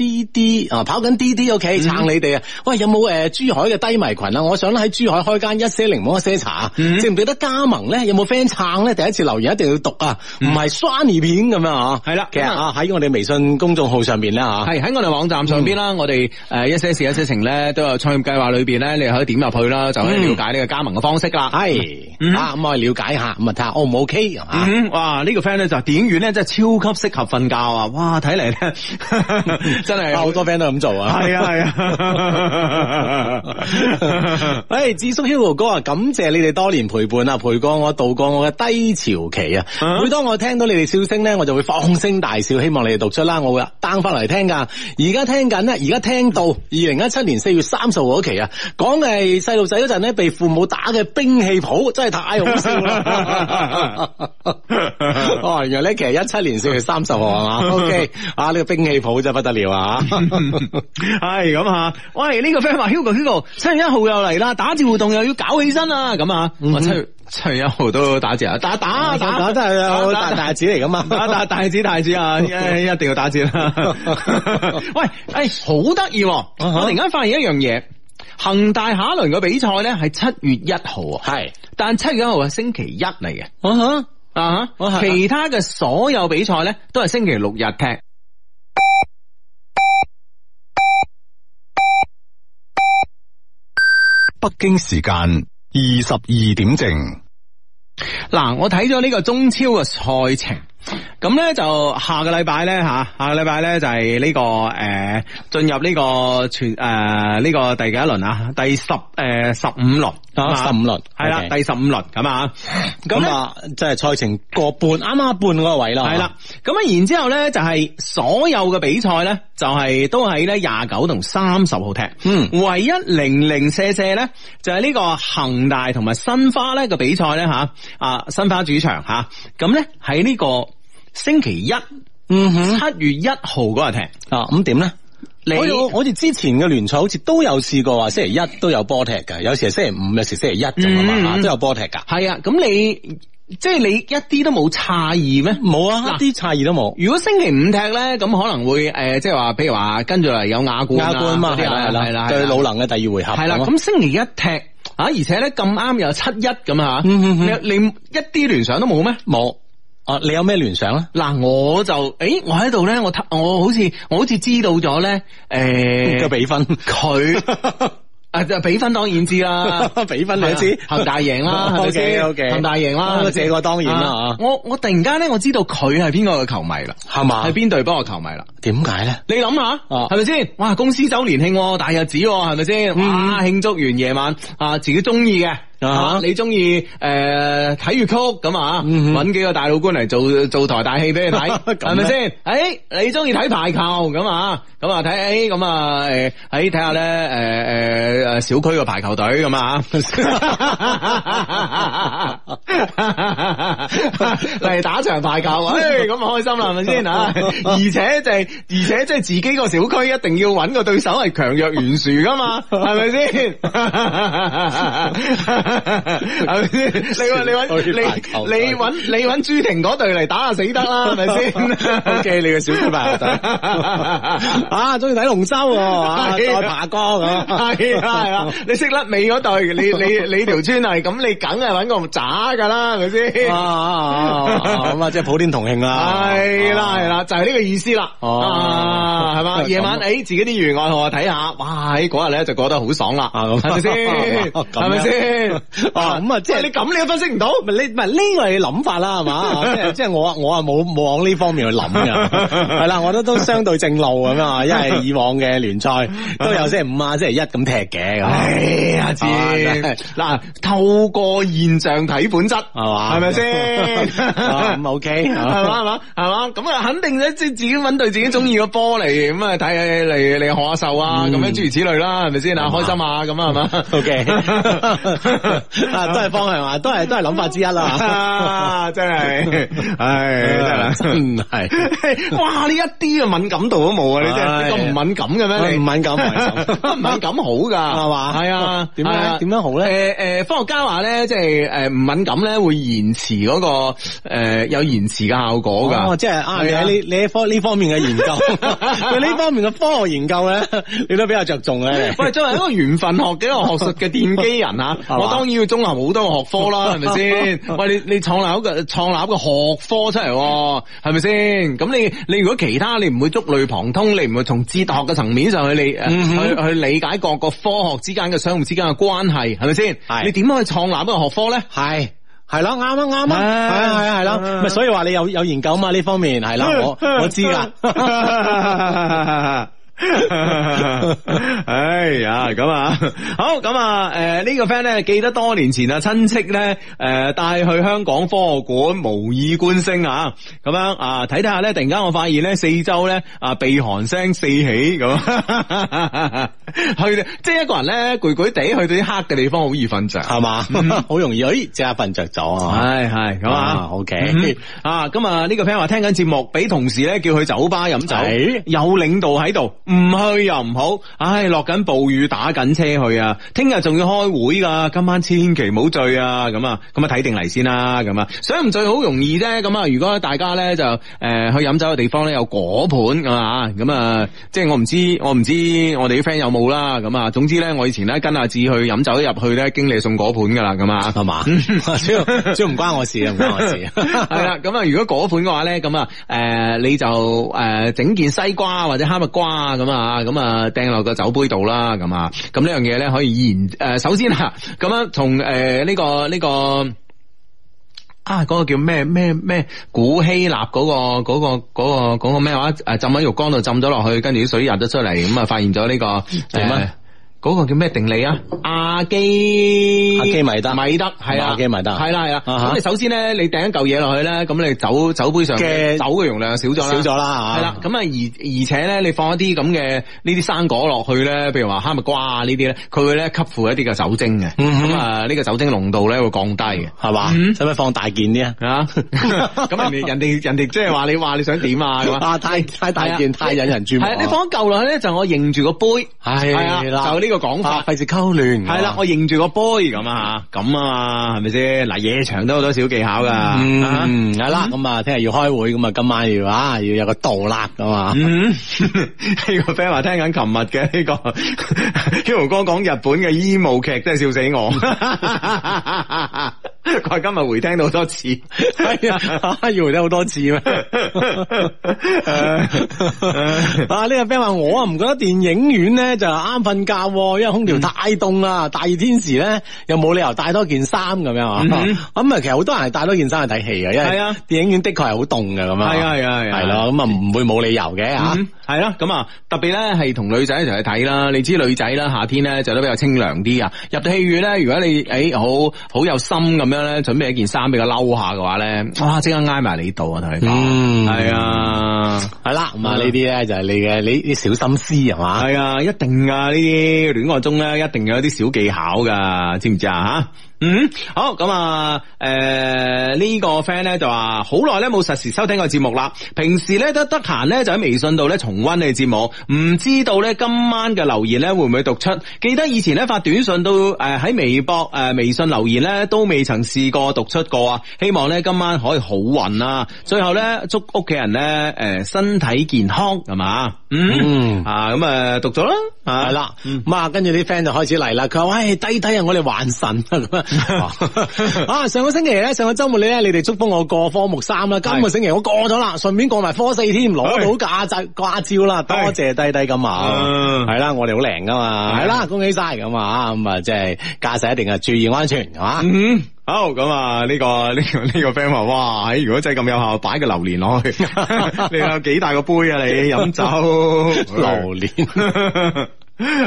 S1: 滴滴、okay，啊，跑緊滴滴 OK，撐你哋啊！喂，有冇誒珠海嘅低迷群啊？我想喺珠海開間一些檸檬一些茶，記、嗯、唔記得加盟咧？有冇 friend 撐咧？第一次留言一定要讀啊！唔係 Shani 片咁樣啊，吓係啦，其實啊喺我哋微信公眾號上邊啦，吓係喺我哋網站上邊啦、嗯，我哋誒一些事一些情咧都有創業計劃裏邊咧，你可以點入去啦，就可以了解呢個加盟嘅方式啦。係、嗯嗯、啊，咁我哋了解下，咁啊睇下 O 唔 OK 哇，呢、這個 friend 咧就電影院咧真係超級適合瞓覺啊！哇，睇嚟咧。 真係好、嗯、多 friend、嗯、都咁做啊！係啊係啊！誒、啊 哎，智叔 Hugo 哥啊，感謝你哋多年陪伴啊，陪過我渡過我嘅低潮期啊！每當我聽到你哋笑聲咧，我就會放聲大笑，希望你哋讀出啦，我會 down 翻嚟聽噶。而家聽緊咧，而家聽到二零一七年四月三十號嗰期啊，講嘅係細路仔嗰陣咧被父母打嘅兵器譜，真係太好笑啦！ 哦，原來咧其實一七年四月三十號 okay, 啊。OK 啊呢個兵器譜真係不得了。係咁吓，喂！呢、這個 friend 話 Hugo Hugo 七月一號又嚟啦，打折活動又要搞起身啦，咁啊七月七月一號都打折啊， 打打打打真係好大大折嚟噶嘛，打大打打打大折大折啊， 一定要打折啦！ 喂，哎、欸，好得意、哦，我突然間發現一樣嘢，恒大下一輪嘅比賽咧係七月一號啊，係，但七月一號係星期一嚟嘅，啊，啊，啊其他嘅所有比賽咧都係星期六日踢。北京時間二十二點正，嗱，我睇咗呢個中超嘅賽程。咁咧就下個禮拜咧吓，下個禮拜咧就係呢、這個誒進、呃、入呢、這個全誒呢、呃這個第幾一輪啊？第十誒、呃、十五輪、啊、十五輪係啦，uh, okay. 第十五輪咁 啊，咁啊即係賽程過半啱啱半個位啦係啦，咁啊然之後咧就係所有嘅比賽咧就係都喺咧廿九同三十號踢。嗯，唯一零零射舍咧就係呢個恒大同埋申花咧個比賽咧吓啊，申、啊、花主場吓，咁咧喺呢個。星期一，七、嗯、月一號嗰日踢啊，咁點咧？我我哋之前嘅聯賽好似都有試過話，星期一都有波踢噶，有時係星期五，有時星期一啫嘛，嗯，都有波踢噶。係啊，咁你即係你一啲都冇詫異咩？冇啊，啊，一啲詫異都冇。如果星期五踢咧，咁可能會誒、呃，即係話，譬如話跟住嚟有亞冠啊，嗰啲係啦，係啦、啊啊啊，對魯能嘅第二回合係啦。咁、啊啊啊啊、星期一踢啊，而且咧咁啱又有七一咁啊，嗯、哼哼你你一啲聯想都冇咩？冇。啊！你有咩聯想咧？嗱、啊，我就誒，我喺度咧，我我好似，我好似知道咗咧，誒嘅比分，佢 啊，比分當然知啦，比分點知？恒、啊、大贏啦 okay 恒大贏啦，這、okay, 個、okay 啊、當然啦、啊、我我突然間咧，我知道佢係邊個嘅球迷啦，係嘛？係邊隊波嘅球迷啦？點解咧？你諗下，係咪先？哇！公司周年慶，大日子係咪先？哇！慶祝完夜晚啊，自己中意嘅。啊！你中意誒睇粵曲咁啊？揾、嗯、幾個大老官嚟做做台大戲俾你睇，係咪先？誒、欸，你中意睇排球咁啊？咁啊睇，咁啊誒喺睇下咧，誒誒誒小區個排球隊咁啊，嚟、嗯、 打場排球，咁 啊、欸、開心啦，係咪先啊？而且就係而且即係自己個小區一定要揾個對手係強弱懸殊噶嘛，係咪先？ 你揾你揾你你朱是是 okay, 你朱婷嗰隊嚟打下死、啊 啊啊啊、得啦，係咪先？O K，你嘅小姑牌啊！啊，中意睇龍舟啊，爬江啊，係啊係啊你識甩尾嗰隊，你你你條村係咁，你梗係揾個唔渣噶啦，係咪先？咁啊，即係普天同慶啦！係啦係啦，就係、是、呢個意思啦！哦、啊，係嘛、啊？夜、啊、晚誒，自己啲業餘愛好睇下，哇！喺嗰日咧就過得好爽啦、啊，係咪先？係咪先？啊啊 咁啊，嗯、即係你咁你都分析唔到，你呢咪呢個係諗法啦，係嘛？ 即係即啊，我我啊冇冇往呢方面去諗嘅，係 啦，我都都相對正路咁啊，因為以往嘅聯賽都有星期五啊星期一咁踢嘅，哎呀，知嗱、啊、 透過現象睇本質係嘛？係咪先？咁、 啊、OK，係嘛係嘛係嘛？咁 啊肯定咧，即係自己揾對自己中意嘅波嚟，咁啊睇嚟你學下秀啊，咁、嗯、樣諸如此類啦，係咪先啊？開心啊，咁、嗯、啊，係嘛、嗯、？OK。 啊，都係方向啊，都係都係諗法之一啦、啊啊。真係，係真係，哇！呢一啲嘅敏感度都冇啊，你真係咁唔敏感嘅咩？你唔敏感，唔 敏感好噶，係嘛？係啊，點樣點、啊、樣好咧？誒、啊、誒，科學家話咧、就是那個呃啊哦，即係誒唔敏感咧會延遲嗰個誒有延遲嘅效果噶，即係啊，你喺呢科呢方面嘅研究，喺 呢 方面嘅科學研究咧，你都比較着重嘅。喂， 作為一個緣分學嘅一個學術嘅奠基人吓，我 當然要綜合好多個學科啦，係咪先？ 喂，你你創立一個創立個學科出嚟，係咪先？咁你你如果其他你唔會觸類旁通，你唔會從哲學嘅層面上去理、嗯、去去理解各個科學之間嘅相互之間嘅關係，係咪先？係你點樣去創立一個學科咧？係係咯，啱啊啱啊，係啊係啊係啦，咪所以話你有有研究啊嘛？呢方面係啦， 我我知噶。 哎呀，咁啊，好咁啊，誒、呃、呢、這個 friend 咧，記得多年前啊，親戚咧，誒帶去香港科學館無意觀星啊，咁樣啊睇睇下咧，突然間我發現咧四周咧啊，鼻鼾聲四起咁，去即係一個人咧，攰攰地去到啲黑嘅地方，好易瞓着係嘛，好容易著，咦，即刻瞓着咗，啊。係係咁啊，OK，啊，今日呢個 friend 話聽緊節目，俾同事咧叫去酒吧飲酒，有領導喺度。唔去又唔好，唉落緊暴雨，打緊車去啊！聽日仲要開會噶，今晚千祈唔好醉啊！咁啊，咁啊睇定嚟先啦，咁啊，想唔醉好容易啫！咁啊，如果大家咧就誒、呃、去飲酒嘅地方咧有果盤係嘛，咁啊即係我唔知我唔知我哋啲 friend 有冇啦，咁啊，總之咧我以前咧跟阿志去飲酒入去咧經理送果盤噶啦，咁啊係嘛，主要主要唔關我事唔關我事，係啦，咁 啊如果果盤嘅話咧，咁啊誒你就誒整、呃、件西瓜或者哈密瓜咁啊，咁啊，掟落個酒杯度啦，咁啊，咁呢樣嘢咧可以延誒，首先吓，咁樣從誒呢個呢個啊，嗰個叫咩咩咩古希臘嗰個嗰個嗰個嗰個咩話誒，浸喺浴缸度浸咗落去，跟住啲水入咗出嚟，咁啊發現咗呢個咩啊。嗰、嗰個叫咩定理啊？阿基阿基米德，米德係啊，阿、啊、基米德係啦係啦。咁、啊啊啊啊、你首先咧，你掟一嚿嘢落去咧，咁你酒酒杯上嘅酒嘅容量少咗啦，少咗啦係啦，咁啊而而且咧，你放一啲咁嘅呢啲生果落去咧，譬如話哈密瓜啊呢啲咧，佢會咧吸附一啲嘅酒精嘅。咁、嗯、啊呢、呢個酒精濃度咧會降低嘅，係、嗯、嘛？使唔使放大件啲啊？咁 人哋家 人哋人哋即係話你話你想點 啊？啊太太大件、啊、太引人注目、啊。你放一嚿落去咧，就我認住個杯係啊，呢、這個講法，費事溝亂。係啦，我認住個波咁啊，咁啊，係咪先？嗱，夜場都好多小技巧噶。嗯，係啦，咁啊，聽日、嗯、要開會，咁啊，今晚要啊，要有個度啦，咁嘛。嗯，呢 個 friend 話聽緊琴日嘅呢個英雄 哥講日本嘅醫務劇，真係笑死我。 佢話今日回聽到好多次， 多次，係、 uh, uh, 啊，要回聽好多次咩？啊，呢個 friend 話我啊，唔覺得電影院咧就啱瞓覺，因為空調太凍啦，大熱天時咧又冇理由帶多件衫咁樣啊。咁、mm、啊 -hmm. 嗯嗯嗯嗯，其實好多人係帶多件衫去睇戲嘅，因為電影院的確係好凍嘅咁啊，係啊，係啊，係咯，咁啊唔會冇理由嘅啊。Mm -hmm. 係啦，咁啊，特別咧係同女仔一齊去睇啦。你知女仔啦，夏天咧著得比較清涼啲啊。入到戲院咧，如果你誒、欸、好好有心咁樣咧，準備一件衫俾佢褸下嘅話咧，哇，即刻挨埋你度啊！同你講，係、嗯、啊，係、嗯、啦，咁啊，呢啲咧就係你嘅你你小心思係嘛？係啊，一定啊。呢啲戀愛中咧，一定有啲小技巧噶，知唔知啊？吓？嗯，好，咁啊，誒呢、呃這個 friend 咧就話好耐咧冇實時收聽個節目啦，平時咧得得閒咧就喺微信度咧重溫你嘅節目，唔知道咧今晚嘅留言咧會唔會讀出？記得以前咧發短信都誒喺微博誒、呃、微信留言咧都未曾試過讀出過啊，希望咧今晚可以好運啊。最後咧祝屋企人咧誒身體健康係嘛，嗯，嗯啊咁啊讀咗啦，係啦，咁啊跟住啲 friend 就開始嚟啦，佢話喂，低低啊，我哋還神啊。 啊！上個星期咧，上個周末你咧，你哋祝福我過科目三啦。今個星期我過咗啦，順便過埋科四添，攞到駕照，駕照啦，多謝弟弟咁啊！係啦，我哋好靚㗎嘛，係啦，恭喜晒咁啊！咁啊，即係駕駛一定係注意安全，係嘛？嗯，好咁啊！呢個呢個呢個 friend 話：哇！如果真係咁有效，擺個榴蓮落去， 你有幾大個杯啊？你飲 喝酒 榴蓮槤笑。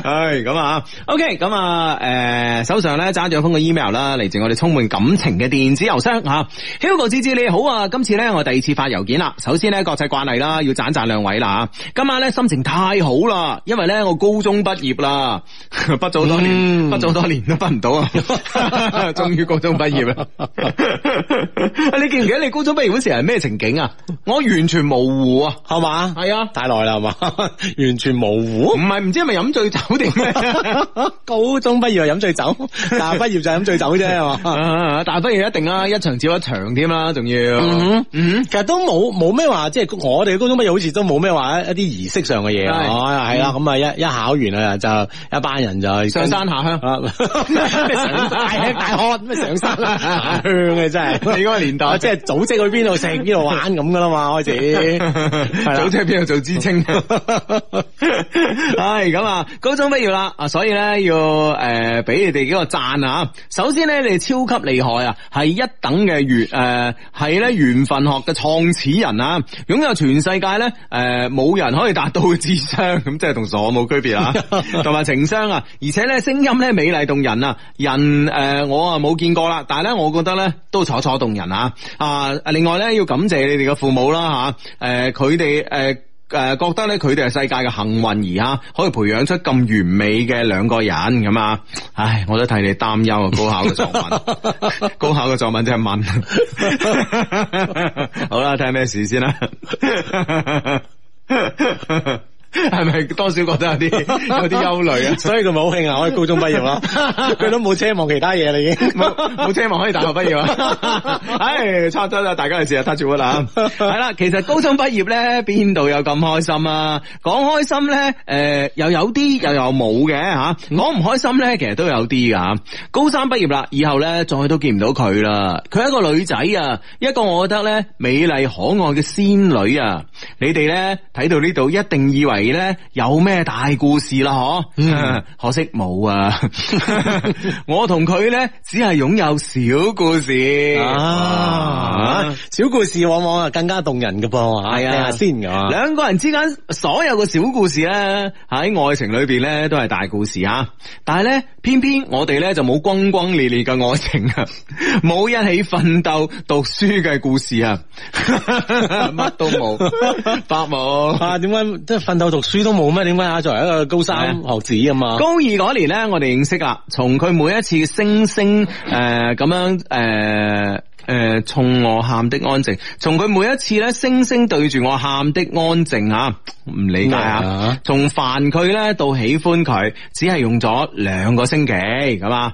S1: 唉，咁啊，OK，咁啊，誒、okay，啊，手上咧揸住封嘅 email 啦，嚟自我哋充滿感情嘅電子郵箱吓，Hugo 姊姊你好啊，今次咧我第二次發郵件啦，首先咧國際慣例啦，要讚讚兩位啦，今晚咧心情太好啦，因為咧我高中畢業啦、嗯，不早多年，不早多年都畢唔到啊，終 於高中畢業啊， 你記唔記得你高中畢業嗰時係咩情景啊？我完全模糊啊，係 嘛、啊？係啊，太耐啦，係嘛？ 完全模糊？唔係，唔知係咪飲醉？酒定咩？ 高中畢業飲醉酒，大學畢業就係飲醉酒啫，係嘛？大學畢業一定啦，一場接一場添啦，仲要、嗯嗯，其實都冇冇咩話，即係、就是、我哋高中畢業好似都冇咩話一啲儀式上嘅嘢，係啦。咁、哦、啊，嗯嗯、一一考完啊，就一班人就上山下鄉，咩上大喊大喝，咩上山下嘅、 嗯、真係，你嗰個年代，是 即係組織去邊度食邊度玩咁噶啦嘛，開始 組織去邊度做知青的，唉、 嗯，咁啊。高中畢業啦，啊，所以咧要誒俾你哋幾個讚啊！首先咧你哋超級厲害啊，係一等嘅緣誒，係咧緣分學嘅創始人啊，擁有全世界咧誒冇人可以達到嘅智商，咁即係同傻冇區別啊同埋 情商啊，而且咧聲音咧美麗動人啊，人誒、呃、我啊冇見過啦，但係咧我覺得咧都楚楚動人啊啊！另外咧要感謝你哋嘅父母啦吓，誒佢哋誒。他們呃誒，覺得咧佢哋係世界嘅幸運兒啊，可以培養出咁完美嘅兩個人咁啊！唉，我都替你擔憂啊，高考嘅作文， 高考嘅作文即係問， 好啦，睇下咩事先啦。 係咪多少覺得有啲有啲憂慮啊？ 所以佢咪好慶啊！我係高中畢業啦，佢 都冇奢望其他嘢啦，已經冇奢望可以大學畢業啦。唉、 哎，差唔多啦，大家嚟試下 touch 乜啦。係 啦，其實高中畢業咧，邊度有咁開心啊？講開心咧，誒、呃，又有啲，又，又沒有冇嘅吓。講、啊、唔開心咧，其實都有啲噶。高三畢業啦，以後咧再都見唔到佢啦。佢係一個女仔啊，一個我覺得咧美麗可愛嘅仙女啊。你哋咧睇到呢度，一定以為。咧有咩大故事啦？嗬、嗯，可惜冇啊！ 我同佢咧只係擁有小故事啊，啊，小故事往往啊更加動人嘅噃。係啊，先下兩、啊、個人之間所有嘅小故事咧，喺愛情裏邊咧都係大故事啊，但係咧，偏偏我哋咧就冇轟轟烈烈嘅愛情啊，冇一起奮鬥讀書嘅故事啊，乜 都冇，白 毛啊？點解即係奮鬥？就是讀書都冇咩點解啊？為作為一個高三學子啊嘛，高二嗰年咧，我哋認識啦，從佢每一次升升誒咁樣誒。呃誒、呃，從我喊的安靜，從佢每一次咧聲聲對住我喊的安靜吓，唔理解啊。從煩佢咧到喜歡佢，只係用咗兩個星期咁啊。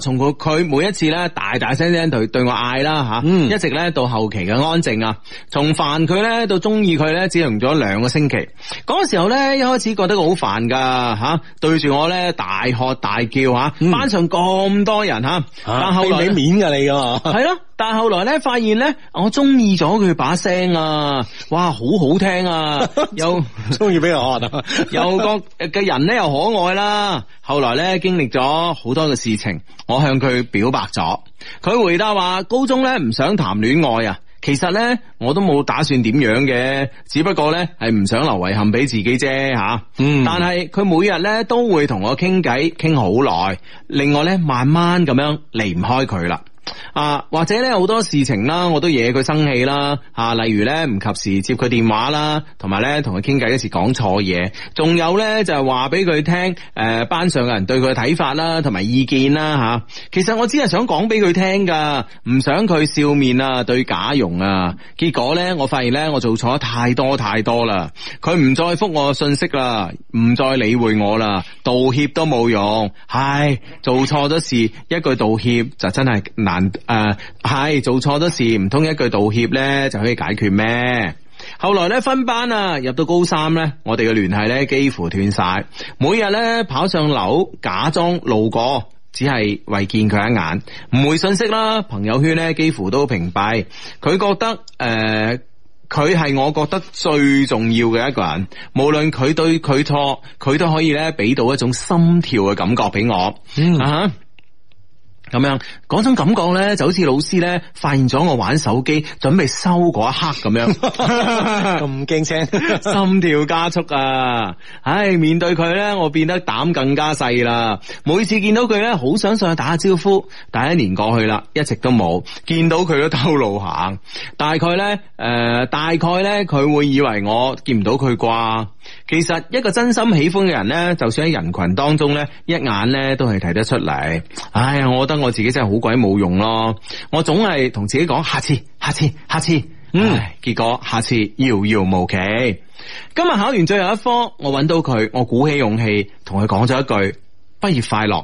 S1: 從佢佢每一次咧大大聲聲對對我嗌啦吓，一直咧到後期嘅安靜啊。從煩佢咧到中意佢咧，只用咗兩個星期。嗰時、嗯那個、時候咧，一開始覺得好煩噶吓，對住我咧大喝大叫吓、嗯，班上咁多人吓，但、啊、係後嚟面噶、啊、你噶，係咯。但後來咧，發現咧，我中意咗佢把聲啊，哇，好好聽啊，又中意俾我。 又個嘅人咧又可愛啦。後來咧經歷咗好多嘅事情，我向佢表白咗，佢回答話高中咧唔想談戀愛啊。其實咧我都冇打算點樣嘅，只不過咧係唔想留遺憾俾自己啫吓。嗯，但係佢每日咧都會同我傾偈，傾好耐，令我咧慢慢咁樣離唔開佢啦。啊，或者咧好多事情啦，我都惹佢生氣啦，吓、啊，例如咧唔及時接佢電話啦，同埋咧同佢傾偈嗰時講錯嘢，仲有咧就係話俾佢聽，誒、呃、班上嘅人對佢嘅睇法啦，同埋意見啦，吓、啊，其實我只係想講俾佢聽噶，唔想佢笑面啊，對假容啊，結果咧我發現咧我做錯太多太多啦，佢唔再復我信息啦，唔再理會我啦，道歉都冇用，唉，做錯咗事，一句道歉就真係難。誒、呃，係做錯咗事，唔通一句道歉呢就可以解決咩？後來呢，分班啊，入到高三呢，我哋嘅聯繫呢幾乎斷晒。每日呢，跑上樓，假裝路過，只係為見佢一眼。唔回信息啦，朋友圈呢幾乎都屏蔽。佢覺得誒，佢、呃、係我覺得最重要嘅一個人。無論佢對佢錯，佢都可以呢俾到一種心跳嘅感覺俾我。嗯咁樣種感覺咧，就好似老師咧發現咗我玩手機，準備收嗰一刻咁樣，咁驚青，心跳加速啊！唉，面對佢咧，我變得膽更加細啦。每次見到佢咧，好想上去打下招呼，但一年過去啦，一直都冇見到佢都兜路行。大概咧，誒、呃，大概咧，佢會以為我見唔到佢啩。其實一個真心喜歡嘅人呢，就算喺人群當中呢，一眼呢都係睇得出嚟。唉，我覺得我自己真係好鬼冇用咯。我總係同自己講下次、下次、下次，嗯，結果下次遙遙無期。今日考完最後一科，我揾到佢，我鼓起勇氣同佢講咗一句畢業快樂，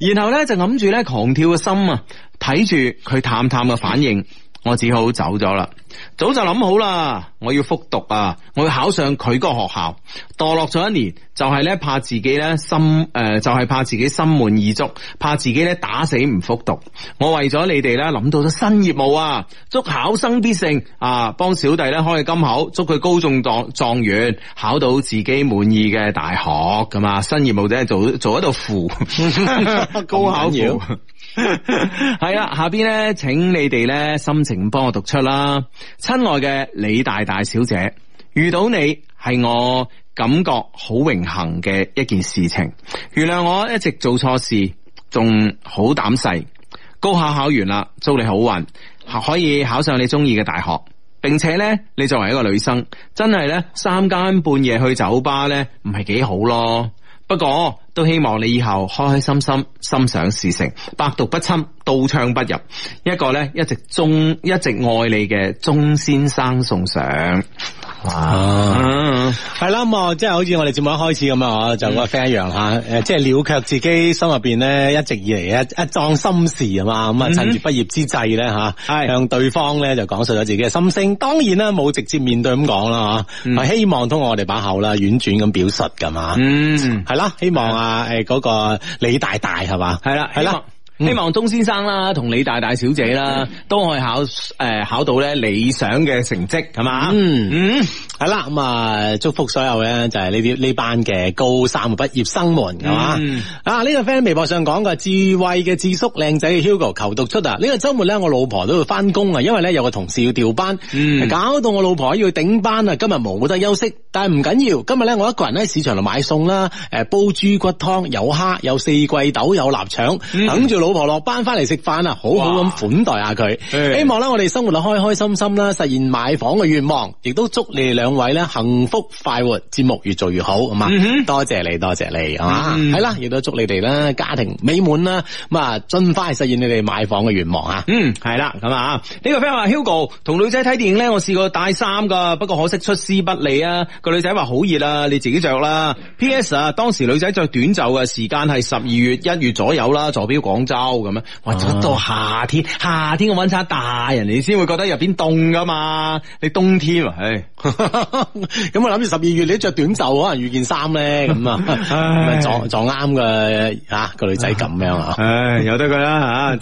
S1: 然後呢，就揞住呢狂跳嘅心啊，睇住佢淡淡嘅反應。我只好走咗啦，早就諗好啦，我要復讀啊，我要考上佢嗰個學校。墮落咗一年，就係咧怕自己咧心，誒就係怕自己心滿、呃就是、意足，怕自己咧打死唔復讀。我為咗你哋咧諗到咗新業務啊，祝考生必勝啊，幫小弟咧開金口，祝佢高中當狀元，考到自己滿意嘅大學咁啊。新業務即係做做一道符， 高考符。係 啊，下邊呢，請你哋呢心情幫我讀出啦。親愛嘅李大大小姐，遇到你係我感覺好榮幸嘅一件事情。原諒我一直做錯事，仲好膽細。高考考完啦，祝你好運，可以考上你中意嘅大學。並且呢，你作為一個女生，真係呢三更半夜去酒吧呢，唔係幾好咯。不過，都希望你以後開開心心，心想事成，百毒不侵，刀槍不入。一個咧一直忠一直愛你嘅鍾先生送上哇。啊，係、嗯、啦，咁啊即係好似我哋節目一開始咁啊，就個 fair 一樣吓，誒，即係了卻自己心入邊咧，一直以嚟一一樁心事啊嘛，咁啊趁住畢業之際咧吓，係向對方咧就講述咗自己嘅心聲。當然啦，冇直接面對咁講啦，吓，係希望通過我哋把口啦，婉轉咁表述噶嘛。嗯，係啦，希望啊。啊！誒，嗰個李大大係嘛？係啦，係啦。嗯、希望鍾先生啦，同李大大小姐啦，都可以考誒考到咧理想嘅成績，係嘛？嗯嗯，係啦，咁啊，祝福所有咧就係呢啲呢班嘅高三畢業生們，係、嗯、嘛？啊，呢、呢個 friend 微博上講嘅智慧嘅智叔靚仔嘅 Hugo 求讀出啊！呢、呢個周末咧，我老婆都要翻工啊，因為咧有個同事要調班、嗯，搞到我老婆要頂班啊，今日冇得休息。但係唔緊要，今日咧我一個人喺市場度買餸啦，誒，煲豬骨湯，有蝦，有四季豆，有臘腸，等住。老婆落班翻嚟食飯啊，好好咁款待下佢。希望咧，我哋生活得開開心心啦，實現買房嘅願望，亦都祝你哋兩位咧幸福快活，節目越做越好，係、嗯、嘛？多謝你，多謝你，係、嗯、嘛？係啦，亦都祝你哋啦，家庭美滿啦，咁啊，盡快實現你哋買房嘅願望啊。嗯，係啦，咁啊，呢、這個 friend 話 Hugo 同女仔睇電影咧，我試過帶衫噶，不過可惜出師不利啊。個女仔話好熱啊，你自己着啦。P.S. 啊，當時女仔着短袖嘅時間係十二月、一月左右啦，坐標廣州。咁啊，或者到夏天，夏天個溫差大，人你先會覺得入邊凍噶嘛。你冬天啊， 唉，咁我諗住十二月你着短袖可能遇件衫咧，咁啊，撞撞啱嘅吓個女仔咁樣啊，唉，由得佢啦吓。啊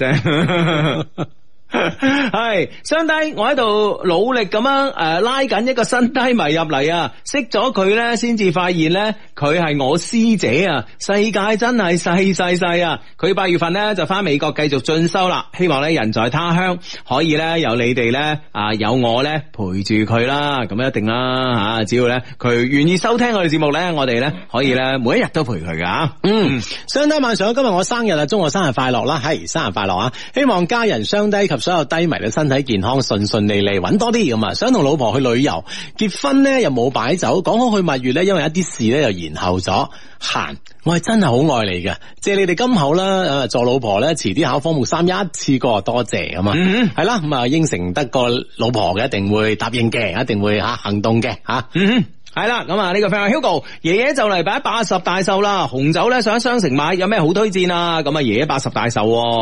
S1: 係， 雙低，我喺度努力咁樣誒拉緊一個新低迷入嚟啊！識咗佢咧，先至發現咧，佢係我師姐啊！世界真係細細細啊！佢八月份咧就翻美國繼續進修啦，希望咧人在他鄉可以咧有你哋咧啊有我咧陪住佢啦，咁一定啦吓！只要咧佢願意收聽我哋節目咧，我哋咧可以咧每一日都陪佢噶吓。嗯，雙低晚上今日我生日啊，祝我生日快樂啦！係生日快樂啊！希望家人雙低及。所有低迷嘅身體健康順順利利，搵多啲咁啊！想同老婆去旅遊，結婚咧又冇擺酒，講好去蜜月咧，因為一啲事咧又延後咗。行，我係真係好愛你嘅，借你哋今後啦，誒，做老婆咧，遲啲考科目三一,一次過多謝咁啊！係、嗯、啦、嗯嗯嗯，咁啊，應承得個老婆嘅，一定會答應嘅，一定會吓行動嘅吓。嗯嗯係啦，咁啊呢個 friend Hugo 爺爺就嚟擺八十大壽啦，紅酒咧上喺商城買有咩好推薦爺爺啊？咁啊爺爺八十大壽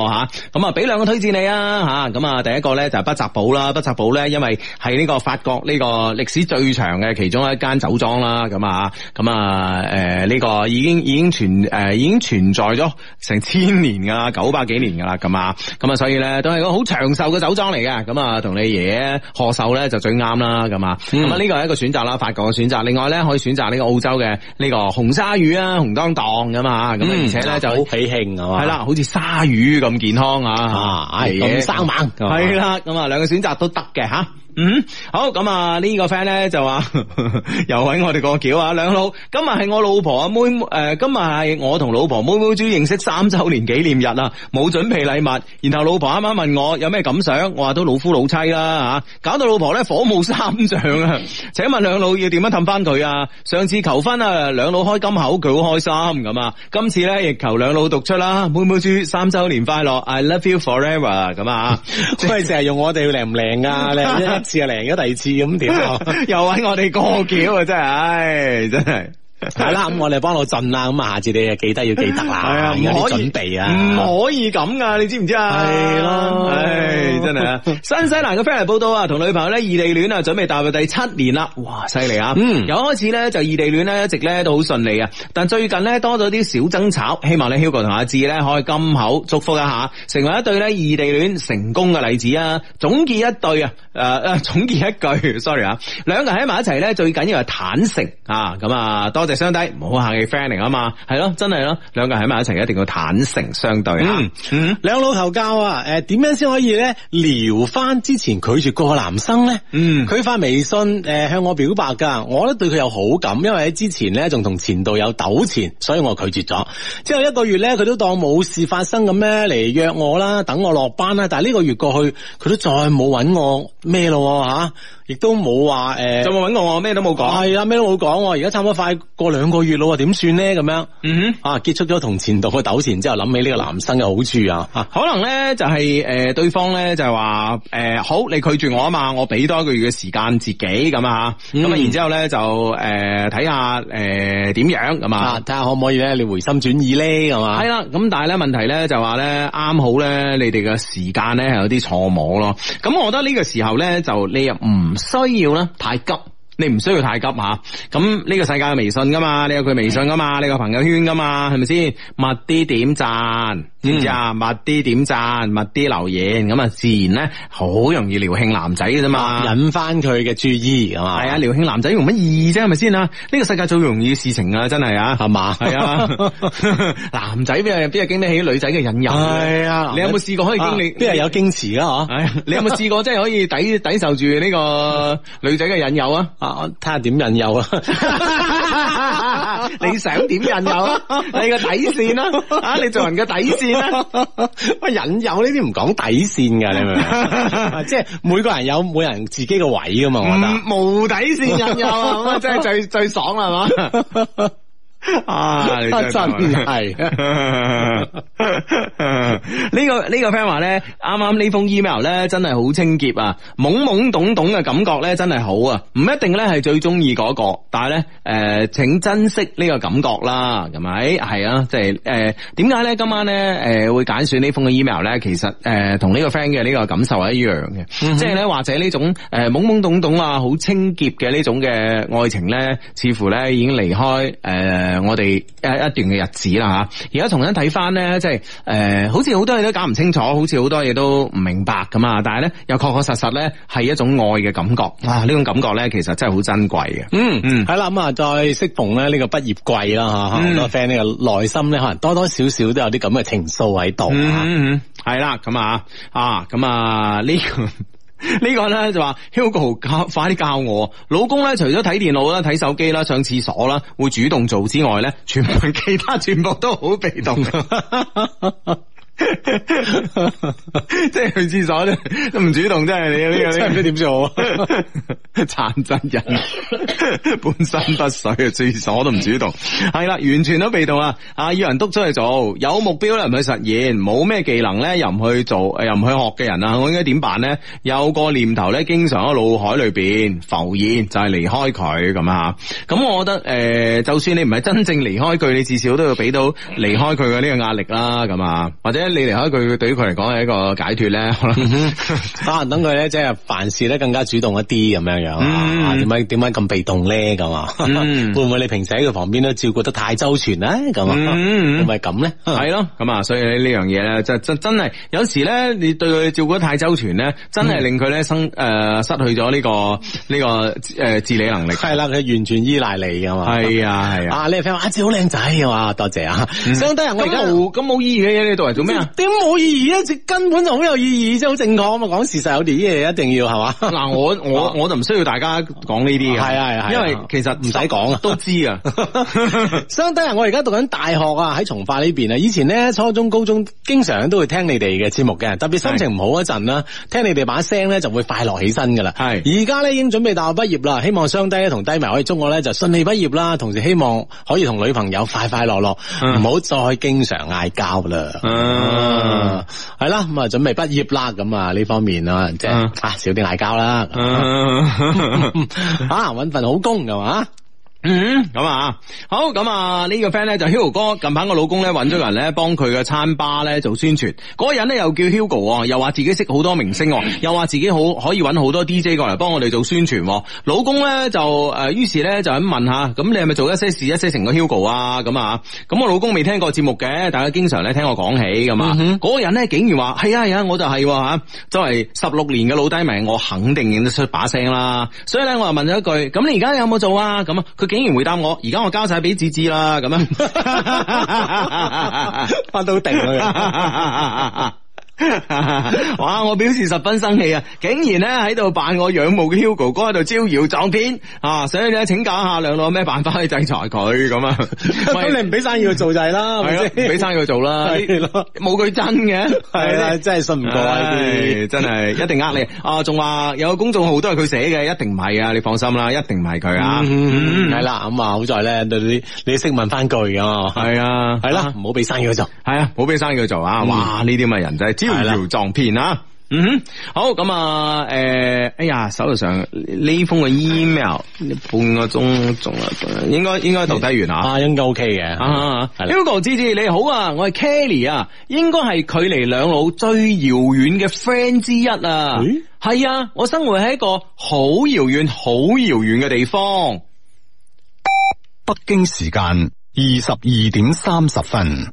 S1: 吓，咁啊俾兩個推薦你啊吓，咁啊第一個咧就係不雜寶啦，不雜寶咧因為係呢個法國呢個歷史最長嘅其中一間酒莊啦，咁啊咁啊誒呢、啊這個已經已經存誒、啊、已經存在咗成千年噶九百幾年噶啦，咁啊咁啊所以咧都係個好長壽嘅酒莊嚟嘅，咁啊同你爺爺賀壽咧就最啱啦，咁啊咁啊呢、這個係一個選擇啦，法國嘅選擇。另外咧，可以選擇呢個澳洲嘅呢、這個紅鯊魚啊，紅當當咁、嗯就是、啊，咁而且咧就好喜慶啊，係啦，好似鯊魚咁健康啊，咁生猛，係啦，咁啊兩個選擇都得嘅嚇。嗯，好咁啊！呢、呢個 friend 咧就話又搵我哋過橋啊，兩老今日係我老婆阿妹誒，今日係我同老婆妹妹豬認識三周年紀念日啊，冇準備禮物，然後老婆啱啱問我有咩感想，我話都老夫老妻啦吓，搞到老婆咧火冒三丈啊！請問兩老要點樣氹返佢啊？上次求婚啊，兩老開金口，佢好開心咁啊，今次咧亦求兩老讀出啦，妹妹豬三周年快樂，I love you forever 咁、 就是、啊！唔係淨用我哋靚唔靚啊？靚 一次啊，零咗，第二次咁點啊？ 又搵我哋過橋啊！真係，唉、哎，真係。係啦，咁我哋幫到陣啦，咁啊，下次你啊記得要記得啦、哎，有啲準備啊，唔可以咁噶，你知唔知啊？係咯，唉、哎，真係啦。 新西蘭嘅 friend 嚟報道啊，同女朋友咧異地戀啊，準備踏入第七年啦，哇，犀利啊！嗯，由一開始咧就異地戀咧，一直咧都好順利啊，但最近咧多咗啲小爭吵，希望咧 Hugo 同阿志咧可以金口祝福一下，成為一對咧異地戀成功嘅例子啊。總結一對啊，誒、呃、誒，總結一句，sorry 兩一啊，兩個人喺埋一齊咧，最緊要係坦誠啊，咁啊多。相低唔好客氣 friend 嚟啊嘛，係咯，真係咯，兩個人喺埋一齊一定要坦誠相對啊。嗯，兩、嗯、老求教啊，誒、呃，點樣先可以咧撩翻之前拒絕過個男生咧？嗯，佢發微信誒、呃、向我表白噶，我都對佢有好感，因為喺之前咧仲同前度有糾纏，所以我拒絕咗。之後一個月咧，佢都當冇事發生咁咩嚟約我啦，等我落班啦。但係呢個月過去，佢都再冇揾我咩咯吓。亦都冇話誒，就冇搵過我，咩都冇講，係啊，咩都冇講。而家差唔多快過兩個月咯，點算呢？咁樣，嗯哼，結啊，結束咗同前度嘅糾纏之後，諗起呢個男生嘅好處啊，吓，可能咧就係、是、誒、呃，對方咧就係話誒，好，你拒絕我啊嘛，我俾多一個月嘅時間自己咁、嗯呃呃、啊，咁啊，然之後咧就誒，睇下誒點樣咁啊，睇下可唔可以咧，你回心轉意咧，咁啊，係啦，咁但係咧問題咧就話咧，啱好咧，你哋嘅時間咧係有啲錯摸咯。咁我覺得呢個時候咧就你又唔。需要呢太急。你唔需要太急嚇，咁、啊、呢個世界有微信噶嘛？你有佢微信噶嘛？你有朋友圈噶嘛？係咪先？密啲點贊，嗯、知唔知啊，密啲點贊，密啲留言，咁啊，自然咧好容易撩興男仔嘅啫嘛，引翻佢嘅注意係嘛？係啊，撩興男仔用乜意啫？係咪先啊？呢、呢個世界最容易嘅事情啊，真係啊，係嘛？係啊，男仔邊有邊有經得起女仔嘅引誘？係啊，你有冇試過可以經歷？都、啊、係有，有矜持啊？嚇。 你有冇試過真係可以抵抵受住呢個女仔嘅引誘啊？睇下點引誘
S3: 啊！你想點引誘啊？ 你個底線啊？你做人嘅底線
S1: 啊。喂，引誘呢啲唔講底線噶、啊， 你明唔明？ 即係每個人有每個人自己個位噶嘛， 我覺得。無底線引誘啊，真 係最最爽啦，係嘛？
S2: 啊，你啊，真係！呢、 啊啊啊 呢個
S1: 呢、呢個 friend 話咧，啱啱呢封 email 咧，真係好清潔啊，懵懵懂懂嘅感覺咧，真係好啊，唔一定咧係最中意嗰個，但係咧，誒、呃，請珍惜呢個感覺啦，係咪？係啊，即係誒，點解咧？今晚咧，誒、呃，會揀選呢封 email 咧？其實誒，同、呃、呢個 friend 嘅呢個感受係一樣嘅，即係咧，或者呢種誒、呃、懵懵懂懂啊，好清潔嘅呢種嘅愛情咧，似乎咧已經離開誒。呃誒，我哋一一段嘅日子啦吓，而家重新睇翻，咧，即係誒，好似好多嘢都搞唔清楚，好似好多嘢都唔明白咁啊。但係咧，又確確實實咧，係一種愛嘅感覺啊。呢種感覺咧，其實真係好珍貴嘅。嗯嗯，係啦咁啊，再適逢咧呢個畢業季啦吓，好多 friend 咧內心咧可能多多少少都有啲咁嘅情愫喺度。嗯嗯，係啦咁啊啊，咁啊呢個。呢、這個咧就話，Hugo 教快啲教我，老公咧除咗睇電腦啦、睇手機啦、上廁所啦，會主動做之外咧，全部其他全部都好被動。 即係去廁所啫，都唔主動， 你你你真係你呢個呢個點做啊？殘 疾真人，半 身不遂啊，廁所都唔主動，係啦，完全都被動啊！啊，要人督出嚟做，有目標咧唔去實現，冇咩技能咧又唔去做，又唔去學嘅人啊！我應該點辦咧？有個念頭咧，經常喺腦海裏邊浮現，就係、是、離開佢咁啊！咁我覺得誒、呃，就算你唔係真正離開佢，你至少都要俾到離開佢嘅呢個壓力啦，咁啊，或者～你離開佢對於佢嚟講係一個解脱咧、mm -hmm. 啊，等佢咧即係凡事咧更加主動一啲咁樣樣，點解點解咁被動咧咁啊？Mm -hmm. 會唔會你平時喺佢旁邊都照顧得太周全咧？咁、mm、啊 -hmm.，會唔會咁咧？係咯，咁啊，所以呢樣嘢咧，真真真係有時咧，你對佢照顧得太周全咧，真係令佢咧生誒失去咗呢、呢個呢、mm -hmm. 呢個誒自理能力。係啦，佢完全依賴你噶嘛。係啊，係啊。啊，你哋 f 啊，好靚仔啊，多謝啊。相、mm、得 -hmm. 人我而家咁冇意義嘅嘢，你做嚟做咩？點冇意義咧？根本就好有意義，即係好正確啊！嘛，講事實，有啲嘢一定要係嘛？嗱，我我我就唔需要大家講呢啲嘅，係係係，因為其實唔使講啊， 都知啊道。雙 低啊，我而家讀緊大學啊，喺從化呢邊啊。以前咧，初中、高中經常都會聽你哋嘅節目嘅，特別心情唔好嗰陣啦，聽你哋把聲咧就會快樂起身噶啦。係，而家咧已經準備大學畢業啦，希望雙低同低迷可以祝我咧就順利畢業啦。同時希望可以同女朋友快快樂樂，唔、嗯、好再經常嗌交啦。嗯係、嗯、啦，咁啊準備畢業啦，咁啊呢方面啊，即係啊少啲嗌交啦，啊、嗯、搵 份好工㗎嘛。嗯、mm、咁 -hmm. 啊，好咁啊、這個、呢個 friend 咧就是、Hugo 哥，近排我老公咧揾咗個人咧幫佢嘅餐吧咧做宣傳，嗰、那個人咧又叫 Hugo，、哦、又話自己識好多明星、哦，又話自己好可以揾好多 DJ 過嚟幫我哋做宣傳、哦。老公咧就誒，於、呃、是咧就咁問下，咁你係咪做一些事，一些情個 Hugo 啊？咁啊，咁我老公未聽過節目嘅，大家經經常咧聽我講起咁、mm -hmm. 啊。嗰個人咧竟然話係啊係啊，我就係吓、啊，作為十六年嘅老低迷，我肯定認得出把聲啦。所以咧我又問咗一句，咁你而家有冇做啊？咁啊，竟然回答我，而家我交晒俾子子啦，咁樣翻到定去。 哇！我表示十分生氣啊！竟然咧喺度扮我仰慕嘅 Hugo 哥喺度招搖撞騙啊！所以呢，請教下兩老咩辦法去制裁佢咁 啊？咁你唔俾生意佢做就係啦，係咯，唔俾生意佢做啦，係咯，冇佢真嘅，係啊，真係信唔過，真係一定呃你啊！仲話有個公眾號都係佢寫嘅，一定唔係 啊！你放心啦，一定唔係佢啊！係、嗯、啦，咁啊、嗯、好在咧，你你識問翻句，係啊，係啦，唔好俾生意佢做，係啊，唔好俾生意佢做啊、嗯！哇，呢啲咪人仔、就係、知。係啦，搖撞騙啊！嗯哼，好咁啊，誒、呃，哎呀，手頭上呢封嘅 email，哎，半個鐘仲應該應該讀得完啊，啊應該 OK 嘅。啊，Hugo，嗯啊，芝芝你好啊，我係 Kelly 啊，應該係距離兩老最遙遠嘅 friend 之一啊。係，哎，啊，我生活喺一個好遙遠、好遙遠嘅地方。北京時間二十二點三十分。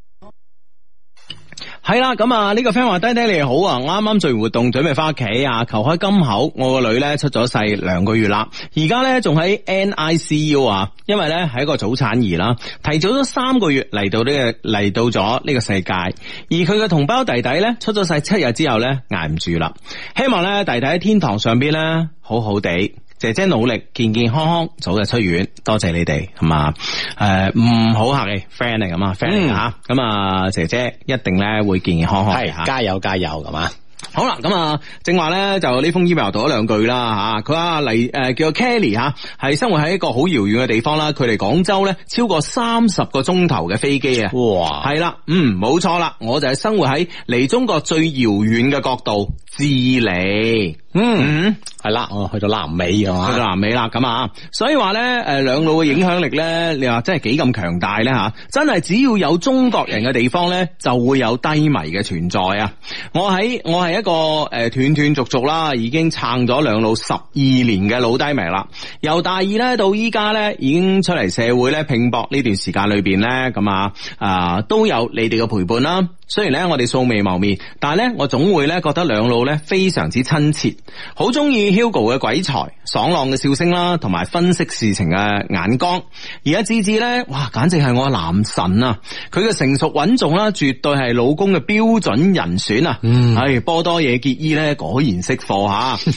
S1: 係啦，咁啊呢個 friend 話：爹爹你好啊，啱啱做完活動，準備翻屋企啊。求開金口，我個女呢出咗世兩個月啦，而家呢，仲喺 NICU 啊，因為呢係一個早產兒啦，提早咗三個月嚟到呢個嚟到咗呢個世界。而佢嘅同胞弟弟呢，出咗世七日之後呢，捱唔住啦，希望呢弟弟喺天堂上邊呢，好好地。姐姐努力，健健康康，早日出院。多謝你哋，係嘛？誒、呃，唔好客氣，friend 嚟咁啊，friend 吓，咁啊、嗯，姐姐一定咧會健健康康，係，加油加油，咁啊！好啦，咁啊，正話咧，就呢封 email 讀咗兩句啦吓，佢話嚟，誒，叫做 Kelly 吓，係生活喺一個好遙遠嘅地方啦，佢離廣州咧超過三十個鐘頭嘅飛機啊，哇，係啦，嗯，冇錯啦，我就係生活喺離中國最遙遠嘅角度智利，嗯，係、嗯、啦，我去、哦、到南美啊。嘛，去到南美啦，咁啊，所以話咧，誒，兩老嘅影響力咧，你話真係幾咁強大咧吓，真係只要有中國人嘅地方咧，就會有低迷嘅存在啊，我喺我係一。個誒斷斷續續啦，已經撐咗兩老十二年嘅老低迷啦。由大二咧到依家咧，已經出嚟社會咧拼搏呢段時間裏邊咧，咁啊啊都有你哋嘅陪伴啦。雖然咧我哋素未謀面，但係咧我總會咧覺得兩老咧非常之親切，好中意 Hugo 嘅鬼才、爽朗嘅笑聲啦，同埋分析事情嘅眼光。而家芝芝咧，哇，簡直係我男神啊！佢嘅成熟穩重啦，絕對係老公嘅標準人選啊！唉、嗯哎，波多野結衣咧果然識貨吓。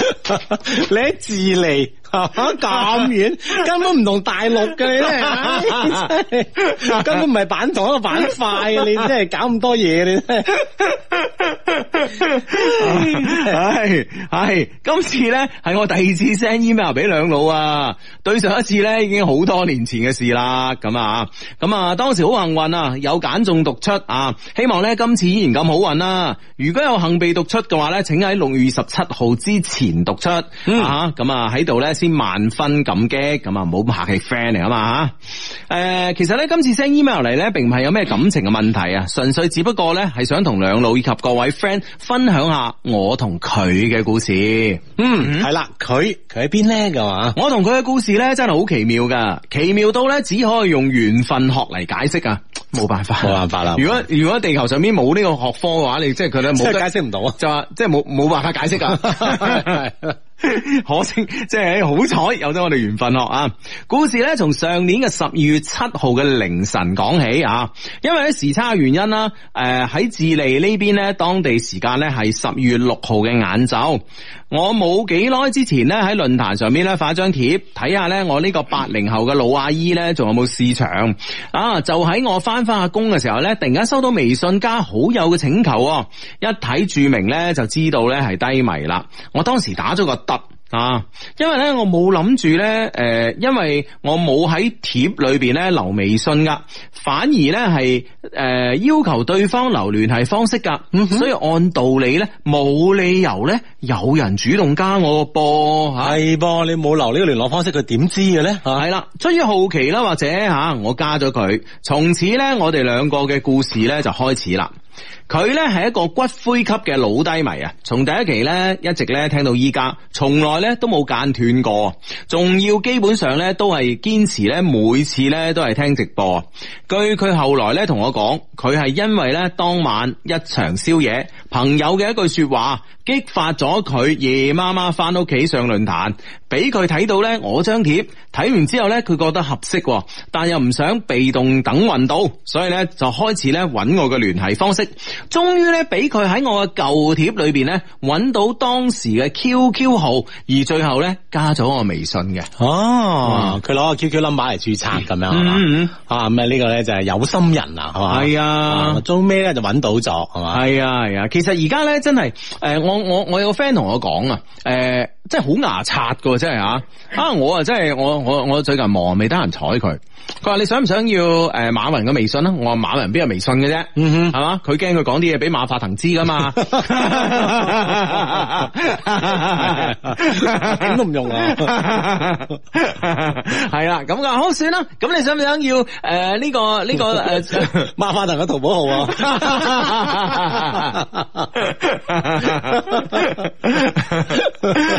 S1: 你自嚟。啊咁遠、 哎，根本唔同大陸嘅你咧，根本唔係板一個板塊啊！你真係搞咁多嘢你咧，係 係、啊哎哎、今次咧係我第二次 send email 俾兩老啊，對上一次咧已經好多年前嘅事啦。咁啊，咁啊，當時好幸運啊，有揀中讀出啊，希望咧今次依然咁好運啦、啊。如果有幸被讀出嘅話咧，請喺六月十七號之前讀出、嗯、啊。咁啊喺度咧。先萬分感激，咁啊，唔好咁客氣，friend 嚟啊嘛吓。誒，其實咧今次 send email 嚟咧，並唔係有咩感情嘅問題啊，純粹只不過咧係想同兩老以及各位 friend 分享一下我同佢嘅故事。嗯，係、嗯、啦，佢佢喺邊咧噶嘛？我同佢嘅故事咧真係好奇妙噶，奇妙到咧只可以用緣分學嚟解釋啊，冇辦法，冇辦法啦。如果如果地球上面冇呢個學科嘅話，你即係佢咧冇解釋唔到啊，就話即係冇冇辦法解釋噶。 可惜，即係好彩，有咗我哋緣分咯啊！故事咧從上年嘅十二月七號嘅凌晨講起啊，因為咧時差原因啦，誒喺智利呢邊咧當地時間咧係十二月六號嘅晏晝。我冇幾耐之前呢喺論壇上面呢發一張帖睇下，呢我呢個八零後嘅老阿姨呢仲有冇市場啊！就喺我返返下工嘅時候呢突然間收到微信加好友嘅請求，一睇注明呢就知道呢係低迷啦。我當時打咗個突。得啊，因為咧我冇諗住咧，誒、呃，因為我冇喺貼裏邊咧留微信噶，反而咧係誒要求對方留聯繫方式噶、嗯，所以按道理咧冇理由咧有人主動加我噃。係噃，你冇留呢個聯絡方式，佢點知嘅咧？啊，係啦，出於好奇啦，或者吓我加咗佢，從此咧我哋兩個嘅故事咧就開始啦。佢呢係一個骨灰級嘅老低迷啊！從第一期呢，一直呢聽到依家，從來呢都冇間斷過，仲要基本上呢都係堅持呢每次呢都係聽直播。據佢後來呢同我講，佢係因為呢當晚一場宵夜。朋友嘅一句說話激發咗佢夜媽媽返屋企上論壇，俾佢睇到咧我張帖，睇完之後咧佢覺得合適，但又唔想被動等運到，所以咧就開始咧揾我嘅聯繫方式，終於咧俾佢喺我嘅舊帖裏邊咧揾到當時嘅 QQ 號，而最後咧加咗我的微信嘅。哦、啊，佢攞個 QQ 號碼嚟註冊咁樣。
S2: 嗯嗯，
S1: 嗯，啊咁啊呢個咧就係有心人啦，係嘛？係、哎、啊，做咩咧就揾到咗，係嘛？係啊係啊。其實而家咧真係，誒，我我我有個 friend 同我講啊，誒、呃，即係好牙刷噶，真係吓，啊，我啊真係，我我我最近忙，未得閒睬佢。佢話你想唔想要誒馬雲嘅微信啊？我話馬雲邊有微信嘅啫，係、嗯、嘛？佢驚佢講啲嘢俾馬化騰知噶嘛？咁都唔用啊！係 啊，咁啊，好算啦。咁你想唔想要誒呢、呃這個呢、這個誒、呃、 馬化騰嘅淘寶號啊？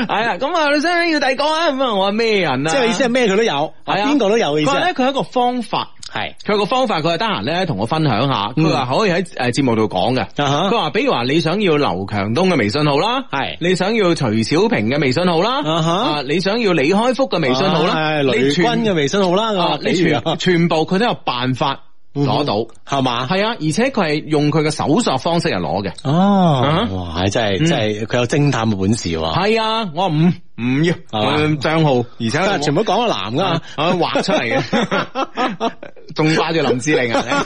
S1: 係 啊，咁啊，你想，想要第二個啊？咁我話咩人啊？即係意思係咩佢都有，係邊個都有嘅意思。咧，佢一個。個方法係佢個方法，佢係得閒咧同我分享一下。佢、嗯、話可以喺誒節目度講嘅。佢、啊、話比如話你想要劉強東嘅微信號啦，係你想要徐小平嘅微信號啦，啊啊，你想要李開復嘅微信號啦，李、啊、軍嘅微信號啦，啊，你全全部佢都有辦法。攞到係嘛？係啊，而且佢係用佢嘅搜索方式嚟攞嘅。哦、嗯，哇，真係、嗯、真係，佢有偵探嘅本事、啊。係啊，我唔唔要賬號，而且全部講個男噶吓，畫、啊啊啊、出嚟嘅，仲掛住林志玲啊？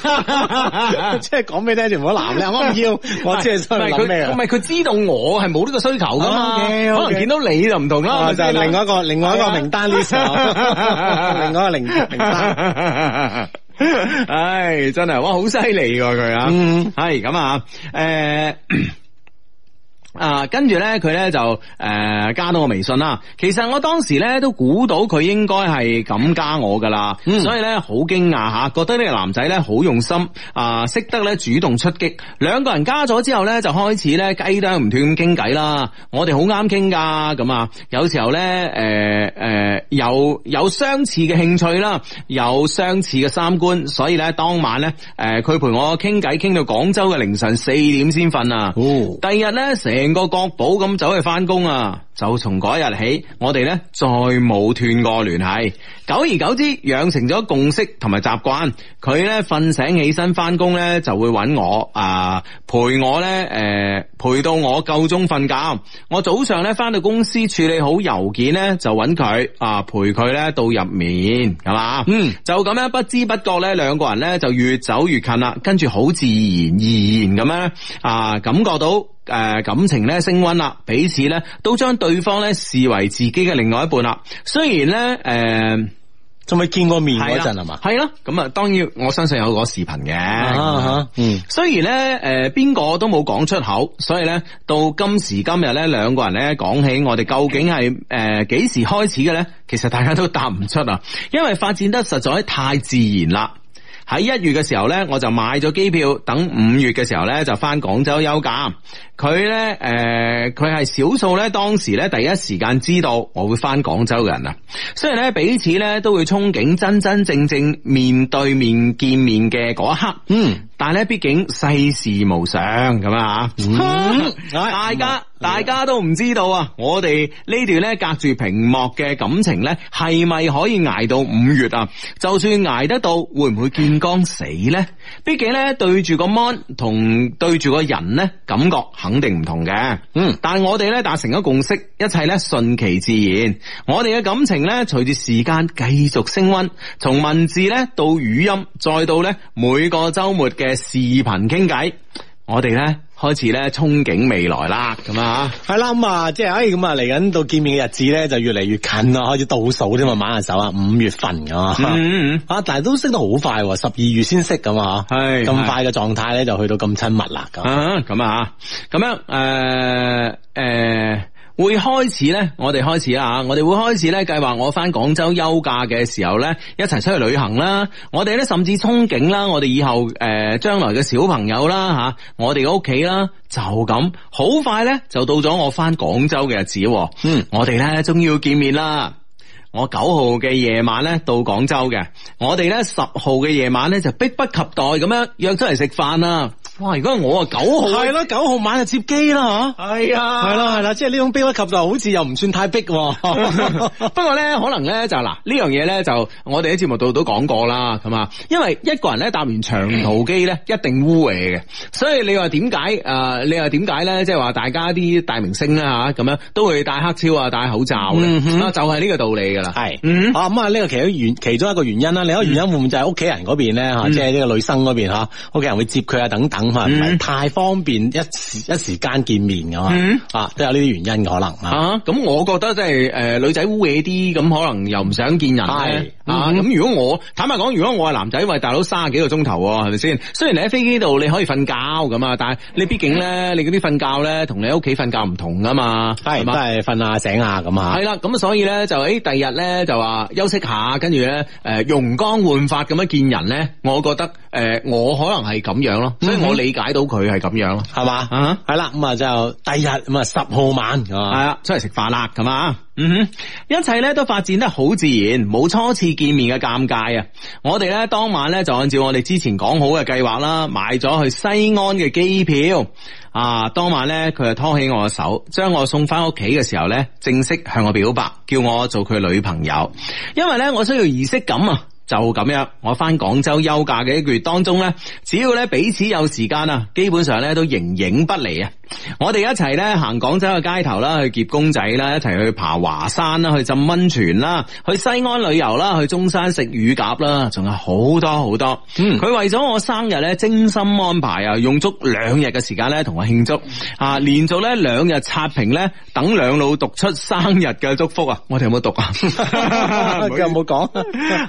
S1: 即係講咩咧？全部男，你我唔要。我即係佢，諗咩？唔係佢知道我係冇呢個需求噶嘛？Okay, okay. 可能見到你就唔同啦，我就係另外一個另外一個名單呢時候另外一個名名單。 唉、 哎，真係哇，好犀利噶佢啊。嗯，係咁啊，誒。呃 啊，跟住呢，佢呢就誒、呃、加到我微信啦。其實我當時呢都估到佢應該係咁加我噶啦，嗯，所以呢，好驚訝吓，覺得呢個男仔呢好用心，啊、呃、識得呢主動出擊。兩個人加咗之後呢，就開始呢雞啄唔斷咁傾偈啦。我哋好啱傾噶，咁啊，有時候呢，誒、呃、誒、呃、有有相似嘅興趣啦，有相似嘅三觀，所以呢，當晚呢，誒、呃、佢陪我傾偈，傾到廣州嘅凌晨四點先瞓啊。第二日呢，成。成個國寶咁走去翻工啊！就從嗰日起，我哋呢再冇斷過聯繫。久而久之，養成咗共識同埋習慣。佢呢瞓醒起身翻工呢就會揾我啊、呃，陪我呢，誒、呃，陪到我夠鐘瞓覺。我早上呢翻到公司處理好郵件呢，就揾佢啊，陪佢呢到入面，係嘛？嗯，就咁樣不知不覺呢，兩個人呢就越走越近啦。跟住好自然而然咁樣，啊、呃，感覺到。誒，感情咧，升溫啦，彼此咧都將對方咧視為自己嘅另外一半啦。雖然咧，誒、呃，仲未見過面嗰陣係嘛？係咯。咁啊，當然我相信有個個視頻嘅、啊。嗯，雖然咧，誒、呃，邊個都冇講出口，所以咧，到今時今日咧，兩個人咧講起我哋究竟係誒幾時開始嘅咧，其實大家都答唔出啊，因為發展得實在太自然啦。喺一月嘅時候呢，我就買咗機票，等五月嘅時候呢，就返廣州休假。佢呢，誒、呃，佢係少數呢，當時呢，第一時間知道我會返廣州嘅人啊。雖然呢，彼此呢都會憧憬真真正正面對面見面嘅嗰一刻，嗯。但係咧，畢竟世事無常咁、嗯、啊！大家、啊、大家都唔知道啊！我哋呢段咧隔住屏幕嘅感情咧，係咪可以挨到五月啊？就算挨得到，會唔會見光死呢？畢竟咧，對住個 mon 同對住個人咧，感覺肯定唔同嘅。嗯，但係我哋咧達成咗共識，一切咧順其自然。我哋嘅感情咧，隨住時間繼續升溫，從文字咧到語音，再到咧每個周末，嘅視頻傾偈，我哋咧開始咧憧憬未來啦，咁啊，係啦咁啊，即係哎咁啊，嚟緊到見面嘅日子咧就越嚟越近啦，開始倒數添嘛，馬下手啊，五月份噶嘛，啊、嗯嗯嗯，但係都識得好快，十二月先識㗎嘛，係咁快嘅狀態咧就去到咁親密啦，咁咁啊，咁樣誒誒。會開始呢，我哋開始啦，我哋會開始呢計劃。我翻廣州休假嘅時候呢，一齊出去旅行啦。我哋呢，甚至憧憬啦，我哋以後誒、呃、將來嘅小朋友啦吓、啊，我哋嘅屋企啦，就咁好快呢，就到咗我翻廣州嘅日子。嗯，我哋呢，終於要見面啦。我九號嘅夜晚呢，到廣州嘅，我哋呢，十號嘅夜晚呢，就迫不及待咁樣約出嚟食飯啦。哇！如果我啊九號係咯，九號晚就接機啦，吓係啊，係啦係啦，即係呢種逼一級就好似又唔算太逼、啊， 不過咧可能咧就嗱呢樣嘢咧就我哋喺節目度都講過啦，咁啊，因為一個人咧搭完長途機咧、嗯、一定污嘢嘅，所以你話點解誒？你話點解咧？即係話大家啲大明星啦吓咁樣都會戴黑超啊、戴口罩嘅、嗯，就係、是、呢個道理噶啦，係、嗯，啊咁啊呢個其原其中一個原因啦，另、這、一個原因會唔會就係屋企人嗰邊咧吓、嗯，即係呢個女生嗰邊吓，屋企人會接佢啊等等。唔、嗯、係太方便一時一時間見面噶嘛、嗯，啊，都有呢啲原因可能啊。咁我覺得即係誒女仔污嘢啲，咁可能又唔想見人係啊。咁、嗯啊、如果我坦白講，如果我係男仔，喂大佬卅幾個鐘頭，係咪先？雖然你喺飛機度你可以瞓覺咁啊，但係你畢竟咧，你嗰啲瞓覺咧，跟你家睡覺不同你喺屋企瞓覺唔同噶嘛，係嘛，都係瞓下醒下咁啊。係啦，咁所以咧就誒、欸，第二日咧就話休息一下，跟住咧誒容光煥發咁樣見人咧，我覺得誒、呃、我可能係咁樣咯，所以我、嗯。我我理解到佢係咁樣咯，係嘛，係啦、uh -huh.，咁啊就第日咁啊十號晚係啊、uh -huh.，出嚟食飯啦，咁嘛嗯哼，uh -huh. 一切咧都發展得好自然，冇初次見面嘅尷尬啊！我哋咧當晚咧就按照我哋之前講好嘅計劃啦，買咗去西安嘅機票啊！當晚咧佢就拖起我嘅手，將我送翻屋企嘅時候咧，正式向我表白，叫我做佢女朋友，因為咧我需要儀式感啊！就咁樣，我翻廣州休假嘅一個月當中呢，只要呢彼此有時間啊，基本上呢都形影不離啊！我哋一齊呢行廣州嘅街頭啦，去夾公仔啦，一齊去爬華山啦，去浸溫泉啦，去西安旅遊啦，去中山食乳鴿啦，仲有好多好多。嗯，佢為咗我生日呢精心安排啊，用足兩日嘅時間呢同我慶祝啊，連續呢兩日刷屏呢，等兩老讀出生日嘅祝福啊！我哋有冇讀啊？ 有冇講？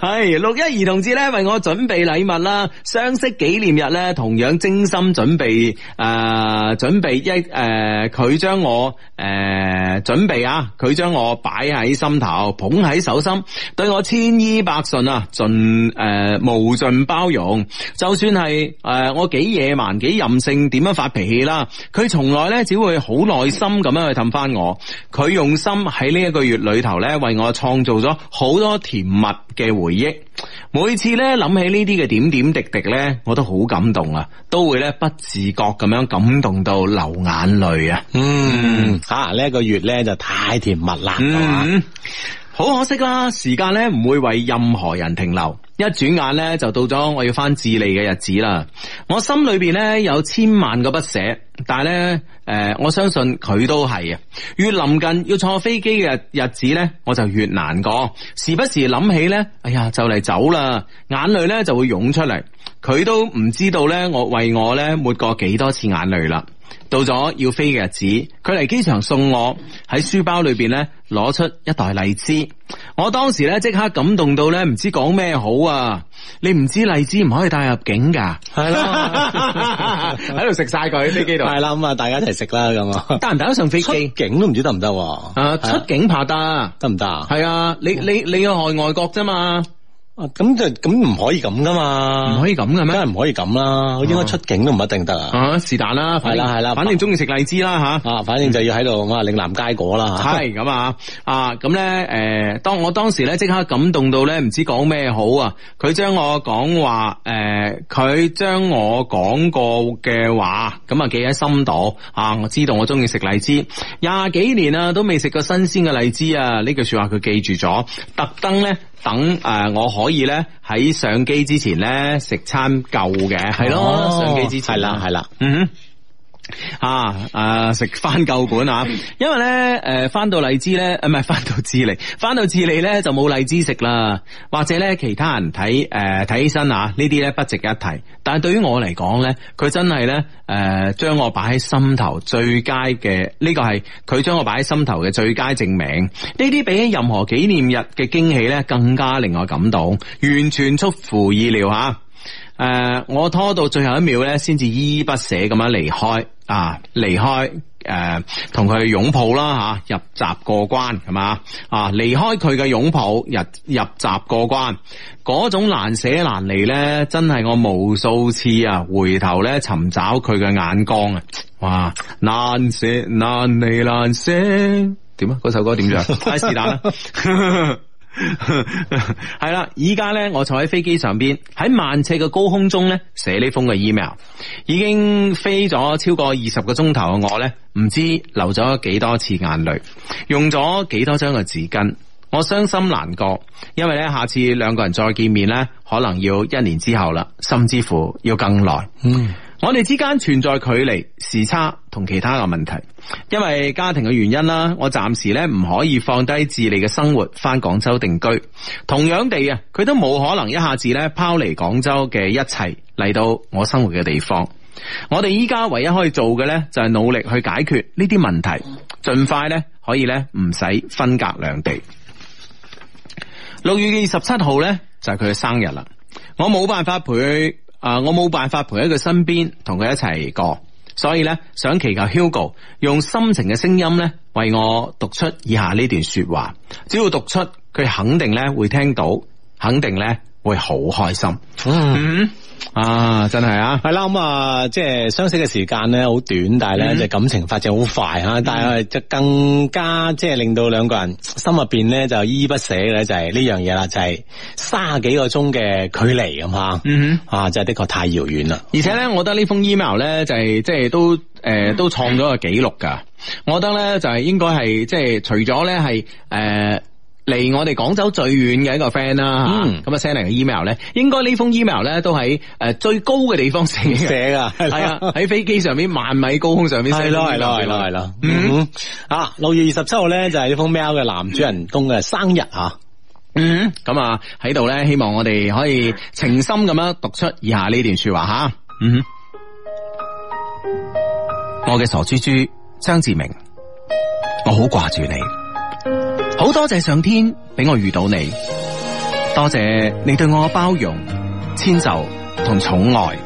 S1: 係 一兒同志咧為我準備禮物啦，相識紀念日咧同樣精心準備誒、呃，準備一誒，佢、呃、將我誒、呃、準備啊，佢將我擺喺心頭，捧喺手心，對我千依百順啊，盡誒、呃、無盡包容。就算係誒我幾野蠻幾任性，點樣發脾氣啦，佢從來咧只會好耐心咁樣去氹返我。佢用心喺呢一個月裏頭咧為我創造咗好多甜蜜嘅回憶。每次咧諗起呢啲嘅點點滴滴咧，我都好感動啊，都會咧不自覺咁樣感動到流眼淚啊！嗯，吓、啊、呢、呢個月咧就太甜蜜啦。嗯好可惜啦，時間咧唔會為任何人停留，一轉眼咧就到咗我要翻智利嘅日子啦。我心裏邊咧有千萬個不捨，但係咧誒，我相信佢都係啊。越臨近要坐飛機嘅日子咧，我就越難過。時不時諗起咧，哎呀就嚟走啦，眼淚咧就會湧出嚟。佢都唔知道咧，我為我咧抹過幾多次眼淚啦。到咗要飛嘅日子，佢嚟機場送我，喺書包裏邊咧攞出一袋荔枝，我當時咧即刻感動到咧唔知講咩好啊！你唔知荔枝唔可以帶入境噶？係 啦， 喺度食晒佢喺飛機度，係 啦， 咁啊大家一齊食啦咁啊，得唔得上飛機？出境都唔知得唔得？啊，出境拍得，得唔得？係啊，你你你要去外外國啫嘛。啊，咁就咁唔可以咁噶嘛，唔可以咁㗎咩？梗係唔可以咁啦，啊、我應該出境都唔一定得啊。吓，是但啦。係啦係啦，反正中意食荔枝啦吓、啊。啊，反正就要喺度啊，嶺南佳果啦。係、嗯、咁啊，啊，咁咧誒，當我當時咧即刻感動到咧，唔知講咩好啊。佢將我講話誒，佢將我講過嘅話咁啊記喺心度啊。我知道我中意食荔枝，廿幾年啊都未食過新鮮嘅荔枝啊。呢句說話佢記住咗，特登咧。等誒，我可以咧喺上機之前咧食餐夠嘅，係、哦、咯、哦，上機之前，係啦，係啦，嗯哼。啊！食翻夠本啊，因為呢，誒、呃，翻到荔枝呢，唔係翻到智利，翻到智利呢就冇荔枝食啦。或者呢，其他人睇，誒、呃，睇起身啊，呢啲呢，不值一提。但係對於我嚟講呢，佢真係呢，誒、呃，將我擺喺心頭最佳嘅呢、這個係佢將我擺喺心頭嘅最佳證明。呢啲比起任何紀念日嘅驚喜呢，更加令我感動，完全出乎意料吓、啊。誒、呃，我拖到最後一秒呢，先至依依不捨咁樣離開。啊！離開誒，同佢擁抱啦吓，入閘過關係嘛啊！離開佢嘅擁抱，入入閘過關，嗰、啊、種難捨難離咧，真係我無數次啊回頭咧尋找佢嘅眼光啊！哇，難捨難離難捨，點啊？嗰首歌點樣？啊 便吧，是但啦。係 啦，依家呢，我坐喺飛機上邊，喺萬尺嘅高空中呢，寫呢封嘅 email，已經飛咗超過二十個鐘頭嘅我呢，唔知流咗幾多次眼淚，用咗幾多張嘅紙巾，我傷心難過，因為呢，下次兩個人再見面呢，可能要一年之後啦，甚至乎要更耐。嗯。我哋之間存在距離、時差同其他嘅問題，因為家庭嘅原因啦，我暫時咧唔可以放低自理嘅生活返廣州定居。同樣地啊，佢都冇可能一下子咧拋離廣州嘅一切嚟到我生活嘅地方。我哋依家唯一可以做嘅咧，就係努力去解決呢啲問題，盡快咧可以咧唔使分隔兩地。六月二十七號咧就係佢嘅生日啦，我冇辦法陪佢。啊！我冇辦法陪喺佢身邊，同佢一齊過，所以咧想祈求 Hugo 用深情嘅聲音咧，為我讀出以下呢段說話。只要讀出，佢肯定咧會聽到，肯定咧會好開心。Wow. 嗯啊，真係啊，係啦，咁、嗯、啊，即係相識嘅時間咧，好短，但係咧，就感情發展好快啊、嗯。但係就更加即係令到兩個人心入邊咧，就依依不捨咧，就係呢樣嘢啦，就係卅幾個鐘嘅距離，咁嘛，嗯哼，啊，就係的確太遙遠啦。而且咧、嗯，我覺得呢封 email 咧，就係即係都誒都創咗個紀錄噶。我覺得咧，就係應該係即係除咗咧係誒。離我哋廣州最遠嘅一個 friend 啦，咁 send 嚟嘅 email 咧，應該呢封 email 咧都喺誒最高嘅地方寫啊，係啊，喺 飛機上面萬米高空上面寫 email。係咯係咯係咯係咯，嗯，啊六月二十七號咧就係呢封 mail 嘅男主人公嘅生日、嗯嗯、啊、啊，嗯，咁啊喺度咧希望我哋可以情深咁樣讀出以下呢段說話吓，嗯，我嘅傻豬豬張志明，我好掛住你。好多謝上天俾我遇到你，多謝你對我嘅包容、遷就同寵愛，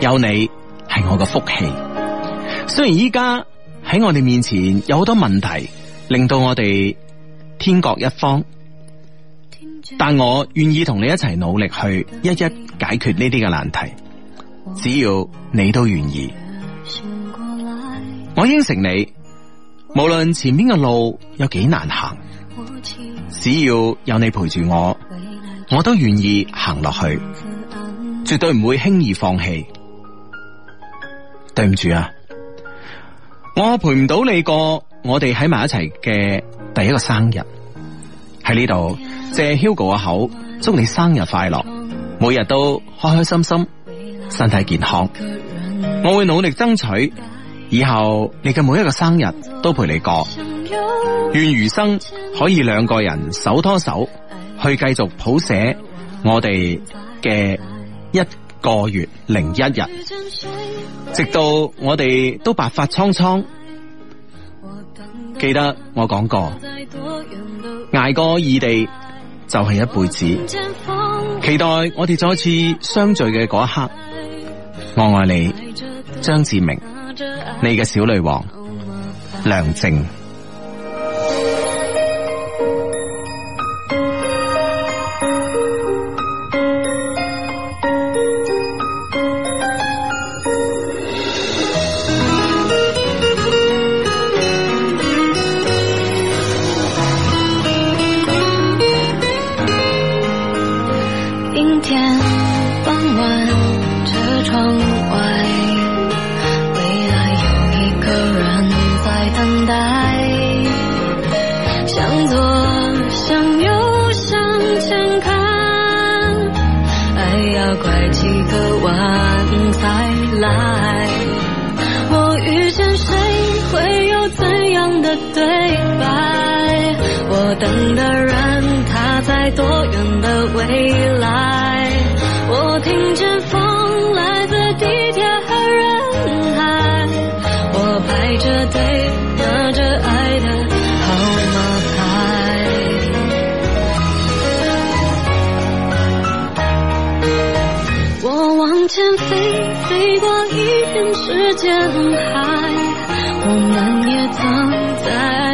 S1: 有你係我嘅福氣。雖然依家喺我哋面前有好多問題，令到我哋天各一方，但我願意同你一齊努力去一一解決呢啲嘅難題。只要你都願意，我應承你，無論前面嘅路有幾難行，只要有你陪住我，我都願意行落去，絕對唔會輕易放棄。對唔住啊，我陪唔到你過我哋喺埋一齊嘅第一個生日。喺呢度借 Hugo 嘅口，祝你生日快樂，每日都開開心心，身體健康。我會努力爭取，以後你嘅每一個生日都陪你過。願餘生可以兩個人手拖手去繼續譜寫我哋嘅一個月零一日，直到我哋都白髮蒼蒼。記得我講過，挨過異地就係一輩子。期待我哋再次相聚嘅嗰一刻。我愛你，張志明，你嘅小女王梁靜。
S4: 對白，我等的人他在多遠的未來？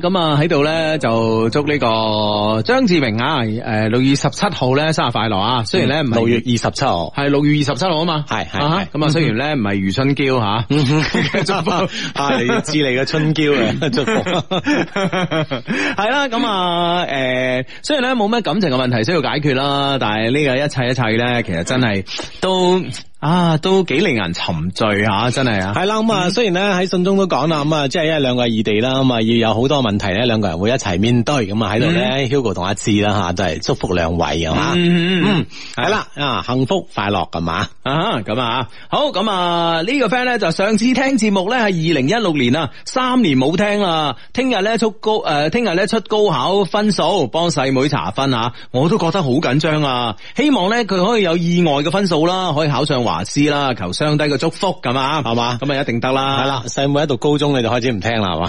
S1: 咁啊，喺度咧就祝呢個張志明啊，誒六月十七號咧生日快樂啊！雖然咧唔係六月二十七號，係、嗯、六月二十七號啊嘛，係係咁啊，雖然咧唔係余春嬌吓，祝福啊，智
S2: 利嘅春嬌啊。祝福，
S1: 係 啦，咁啊，誒 祝福， 雖然咧冇咩感情嘅問題需要解決啦，但係呢個一切一切咧，其實真係都。啊，都幾令人沉醉吓、啊，真係啊！係啦，咁、嗯、啊、嗯，雖然咧喺信中都講啦，咁啊，即係因為兩個異地啦，咁啊，要有好多問題咧，兩個人會一齊面對，咁、嗯、啊，喺度咧，Hugo 同阿志啦吓，就係祝福兩位啊嘛，嗯嗯嗯，係、嗯、啦、啊，啊，幸福快樂㗎嘛，啊，咁啊，啊，啊，好，咁啊，這個、呢個 friend 咧就上次聽節目咧係二零一六年啦，三年冇聽啊。聽日咧出高誒，聽日咧出高考分數，幫細妹查分啊。我都覺得好緊張啊，希望咧佢可以有意外嘅分數啦，可以考上華。華師啦，求雙低個祝福咁啊，係嘛，咁啊一定得啦，係 不 啦，細妹喺讀高中你就開始唔聽啦，係嘛，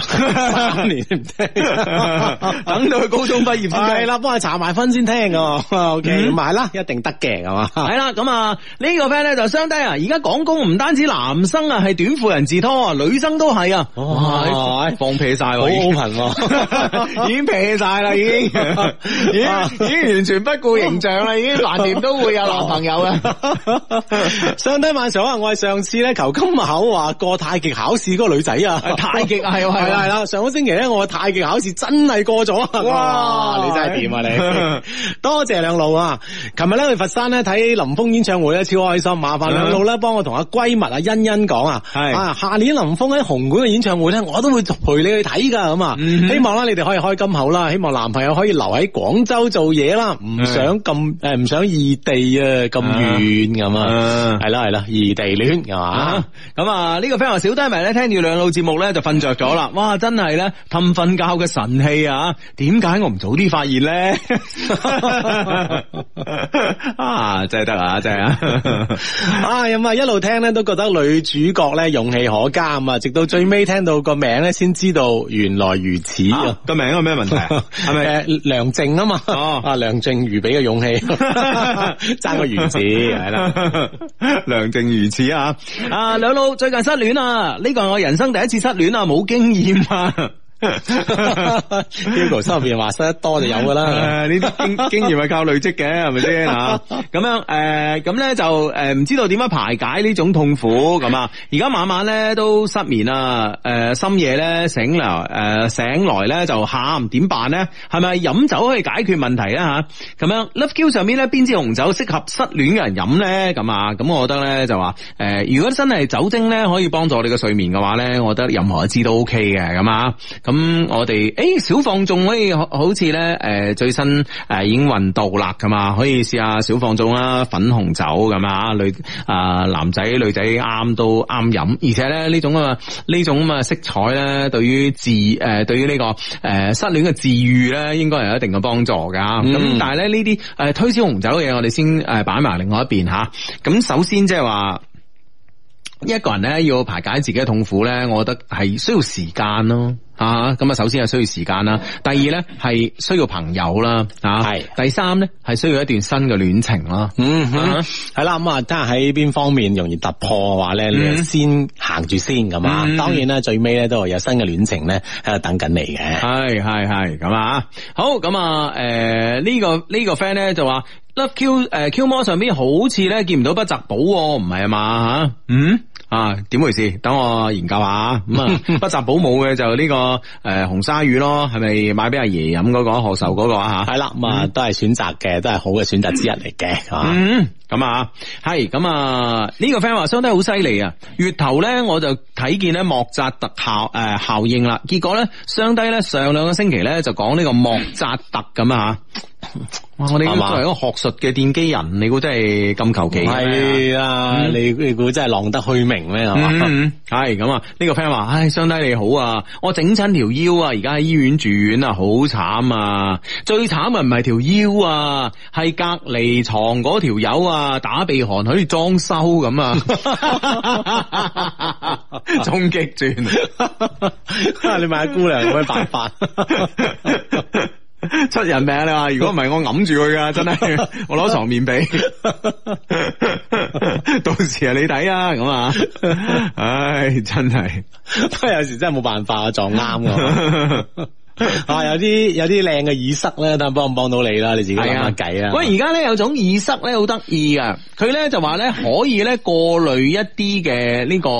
S1: 三年唔
S3: 聽，
S1: 等到佢高中畢業先聽，係啦，幫佢查埋分先聽，OK，埋啦，一定得嘅，係嘛，係啦，咁啊，呢、這個 friend 咧就雙低啊，而家港工唔單止男生啊，係短褲人字拖，啊，女生都係啊，放屁晒，好 o p e 已經皮晒啦，已經，啊、 已經屁已,經 已經完全不顧形象啦，已經，難念都會有男朋友啊。 上低晚上可能我係上次咧求金口話過太極考試嗰個女仔啊， 太極啊係係啦係啦， 上個星期咧我嘅太極考試真係過咗
S2: 啊！哇，你真係掂啊你？
S1: 多謝兩路啊！琴日咧去佛山咧睇林峰演唱會咧，超開心。麻煩兩路咧幫我同阿閨蜜啊欣欣講啊，係啊，下年林峰喺紅館嘅演唱會咧，我都會陪你去睇噶咁啊！希望啦，你哋可以開金口啦，希望男朋友可以留喺廣州做嘢啦，唔想咁誒，唔、嗯呃、想異地啊，咁遠咁啊。係啦係啦，異地戀係嘛，咁啊呢、啊、個 friend 小低迷。咧聽住兩路節目咧就瞓着咗啦，哇真係咧氹瞓覺嘅神器啊，點解我唔早啲發現咧？啊真係得啊真係啊， 啊咁啊一路聽咧都覺得女主角咧勇氣可嘉啊，直到最尾聽到個名咧先知道原來如此個、啊啊、名有咩問題、啊？係 咪、啊、梁靜啊嘛？啊，啊梁靜茹俾嘅勇氣爭 個原子係啦。 啊啊啊梁靜如此啊！啊，兩老最近失戀啊，呢個係我人生第一次失戀啊，冇經驗啊。哈，Eagle 心入邊話失得多就有噶啦，呢 啲經經驗係靠累積嘅，係咪先啊？咁 樣誒，咁、呃、咧就誒唔知道點樣排解呢種痛苦咁啊？而家晚晚咧都失眠啦誒、呃、深夜咧醒來誒醒來咧就喊，點辦咧？係咪飲酒可以解決問題呢？吓？咁樣 Love Q 上面咧邊支紅酒適合失戀嘅人飲咧？咁啊？咁我覺得咧就話，誒、呃、如果真係酒精咧可以幫助你嘅睡眠嘅話咧，我覺得任何一支都 OK 嘅咁啊。咁我哋誒、欸、小放縱可以好似咧誒最新誒已經、呃、運到啦咁嘛，可以試下小放縱啦，粉紅酒咁啊、呃，女啊男仔女仔啱都啱飲，而且咧呢種啊呢種咁啊色彩咧，對於自誒、呃、對於、這個呃、呢個誒失戀嘅治愈咧，應該係有一定嘅幫助噶。咁、嗯、但係咧呢啲誒、呃、推銷紅酒嘅嘢，我哋先誒擺埋另外一邊吓。咁、啊、首先即係話一個人咧要排解自己嘅痛苦咧，我覺得係需要時間咯。啊，咁啊，首先係需要時間啦，第二咧係需要朋友啦，啊，係，第三咧係需要一段新嘅戀情啦，嗯哼，係啦，咁啊，睇下喺邊方面容易突破嘅話咧、嗯，你先行住先，咁、嗯、啊，當然咧最尾咧都係有新嘅戀情咧喺度等緊你嘅，係係係，咁啊，好，咁啊，誒、呃、呢、這個呢、這個 friend 咧就話，Love Q 誒、呃、Q 魔上邊好似咧見唔到不擇寶、哦，唔係啊嘛吓，嗯。啊，點回事？等我研究下。咁 啊、嗯，不擇保姆嘅就呢、這個誒、呃、紅鯊魚咯，係咪買俾阿爺飲嗰個賀壽嗰、那個啊？係啦，咁啊都係選擇嘅，都係好嘅選擇之一嚟嘅，係、嗯啊嗯咁啊，係咁啊，呢、這個 friend 話傷低好犀利啊！月頭咧我就睇見咧莫扎特效誒效應啦，結果咧傷低咧上兩個星期咧就講呢個莫扎特咁啊！吓， 我哋咁作為一個學術嘅奠基人，你估真係咁求其？係啊，你你估真係浪得虛名咧，係、嗯、嘛，係咁啊！呢、這個 friend 話，唉、哎，傷低你好啊，我整親條腰啊，而家喺醫院住院啊，好慘啊！最慘啊唔係條腰啊，係隔離床條友啊！啊！打鼻鼾可以裝修咁啊！衝擊鑽，你問阿姑娘有咩辦法 出人命，你話如果唔係我揞住佢㗎，真係我攞床面畀 到時係你睇啊，咁啊，唉，真係，不 過有時真係冇辦法撞啱。 啊，有啲有啲靚嘅耳塞咧，但幫唔幫到你啦？你自己諗下計啊！喂而家咧有種耳塞咧，好得意㗎。佢咧就話咧可以咧過濾一啲嘅呢個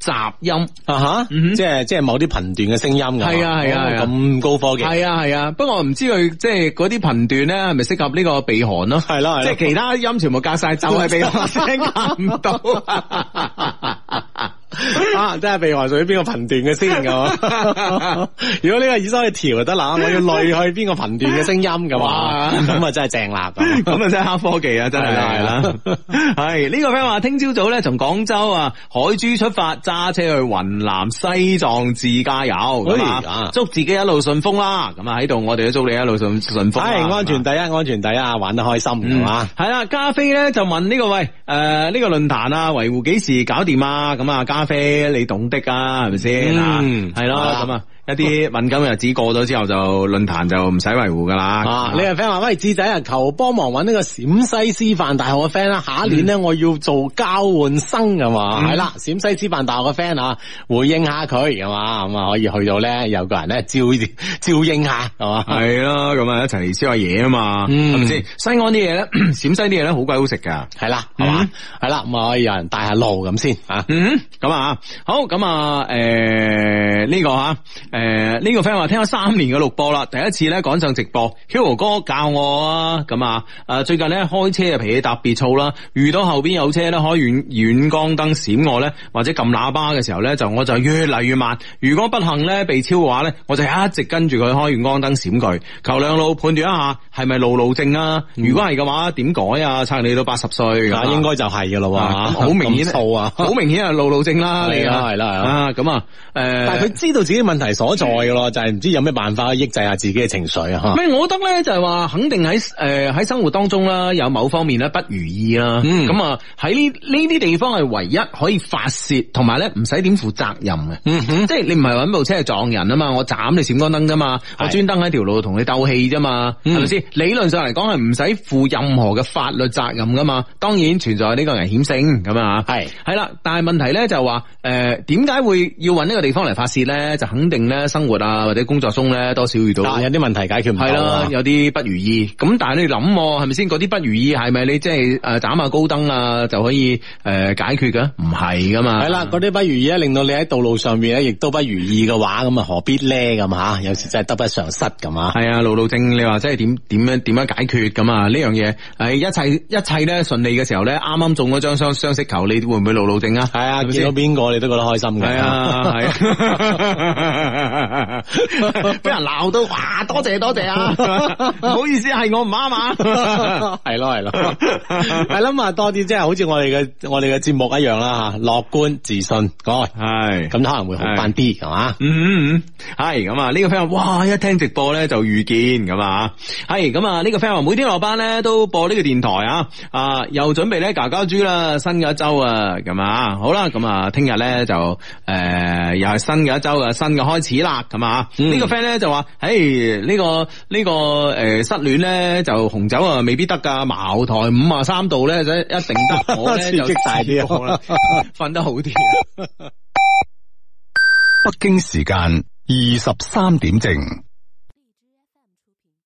S1: 雜音啊吓、嗯，即係即係某啲頻段嘅聲音噶。係啊係啊，咁、啊啊、高科技。係啊係啊，不過唔知佢即係嗰啲頻段咧，係咪適合呢個鼻鼾咯？係咯、啊啊、即係其他音全部隔晒， 就係鼻鼾
S3: 聲隔唔到。
S1: 啊，啊， 啊，啊， 啊！真係被密屬於邊個頻段嘅先喎？如果呢個耳塞可以調就得啦，我要濾去邊個頻段嘅聲音㗎啊！咁啊真係正啦，咁啊真係黑科技啊，真係係啦。係、這、呢個 friend 話聽朝早咧從廣州啊海珠出發揸車去雲南西藏自駕遊，咁、嗯、啊祝自己一路順風啦。咁啊喺度我哋都祝你一路順順風。係，安全第一，啊，安全第一，玩得開心係嘛？係、嗯、啦，加菲咧就問呢、這個喂誒呢、呃這個論壇啊維護幾時搞掂啊？咁啊咖啡，你懂的啊，係咪先吓？嗯，係咯咁啊。一啲敏感日子過咗之後就論壇就唔使維護噶啦。啊，你個 friend 話喂，智仔啊，求幫忙揾呢個陝西師範大學嘅 friend 啦，下一年咧我要做交換生噶嘛，係、嗯、啦。陝西師範大學嘅 friend 啊，回應下佢啊嘛，咁啊可以去到咧有個人咧照照應下係嘛。係、嗯、啦，咁啊一齊燒下嘢啊嘛，係咪先？西安啲嘢咧，陝西啲嘢咧好鬼好食噶。係啦，係嘛，係啦，咁啊可以有人帶下路咁先啊。嗯哼，咁啊好，咁啊誒呢、欸這個啊。誒，呢個 friend 話聽咗三年嘅錄播啦，第一次咧趕上直播 Hero 哥教我啊，咁啊，誒、啊，最近咧開車啊脾氣特別燥啦，遇到後邊有車咧開遠遠光燈閃我咧，或者撳喇叭嘅時候咧，就我就越嚟越慢。如果不幸咧被超嘅話咧，我就一直跟住佢開遠光燈閃佢。求兩老判斷一下係咪路怒症啊？嗯、如果係嘅話，點改啊？撐你到八十歲，啊、嗯，應該就係嘅啦，好、啊啊、明顯啊，好 明顯係路怒症啦、啊，你係啦係啊，咁啊，誒、啊啊啊啊啊呃，但係佢知道自己的問題所。所在咯，就係、是、唔知有咩辦法抑制下自己嘅情緒啊！吓，喂，我覺得咧，就係話肯定喺誒喺生活當中啦，有某方面咧不如意啦。咁、嗯、啊喺呢啲地方係唯一可以發泄，同埋咧唔使點負責任嘅、嗯。即係你唔係搵部車去撞人啊嘛，我斬你閃光燈㗎嘛，我專登喺條路同你鬥氣啫嘛，係咪先？理論上嚟講係唔使負任何嘅法律責任㗎嘛。當然存在呢個危險性咁啊，係係啦。但係問題咧就話誒點解會要揾呢個地方嚟發泄咧？就肯定咧。生活啊，或者工作中咧，多少遇到、啊、有啲問題解決唔到，係啦，有啲不如意。咁但係你諗、啊，係咪先嗰啲不如意係咪你即係誒眨下高登啊就可以誒、呃、解決噶？唔係噶嘛、啊。係啦，嗰啲不如意咧、啊、令到你喺道路上面咧亦都不如意嘅話，咁啊何必咧咁吓？有時真係得不償失咁啊。係啊，路路正，你話即係點點樣點樣解決咁啊？呢樣嘢喺一切一切咧順利嘅時候咧，啱啱中咗張雙雙色球，你會唔會路路正啊？係啊是是，見到邊個你都覺得開心嘅。係啊，係、啊。 俾人鬧到哇！多謝多謝啊！唔 好意思，係我唔啱啊！係咯係咯，係諗啊，多啲即係好似我哋嘅我哋嘅節目一樣啦吓，樂觀自信，各位，係咁、嗯、可能會好翻啲係嘛，嗯係。係咁啊！呢、這個 friend 哇，一聽直播咧就遇見咁啊！係咁啊！呢、這個 friend 每天落班咧都播呢個電台啊，啊又準備咧搞搞豬啦，新嘅一周啊，咁啊，好啦，咁啊，聽日咧就誒、呃、又係新嘅一周啊，新嘅開始。此啦咁啊！嗯這個這個這個呃、呢個 friend 咧就話，唉，呢個呢個誒失戀咧就紅酒啊未必得噶，茅台五啊三度咧就一定得我呢。 就我就刺激大啲啦，瞓 得好啲。北京時間二十三點正。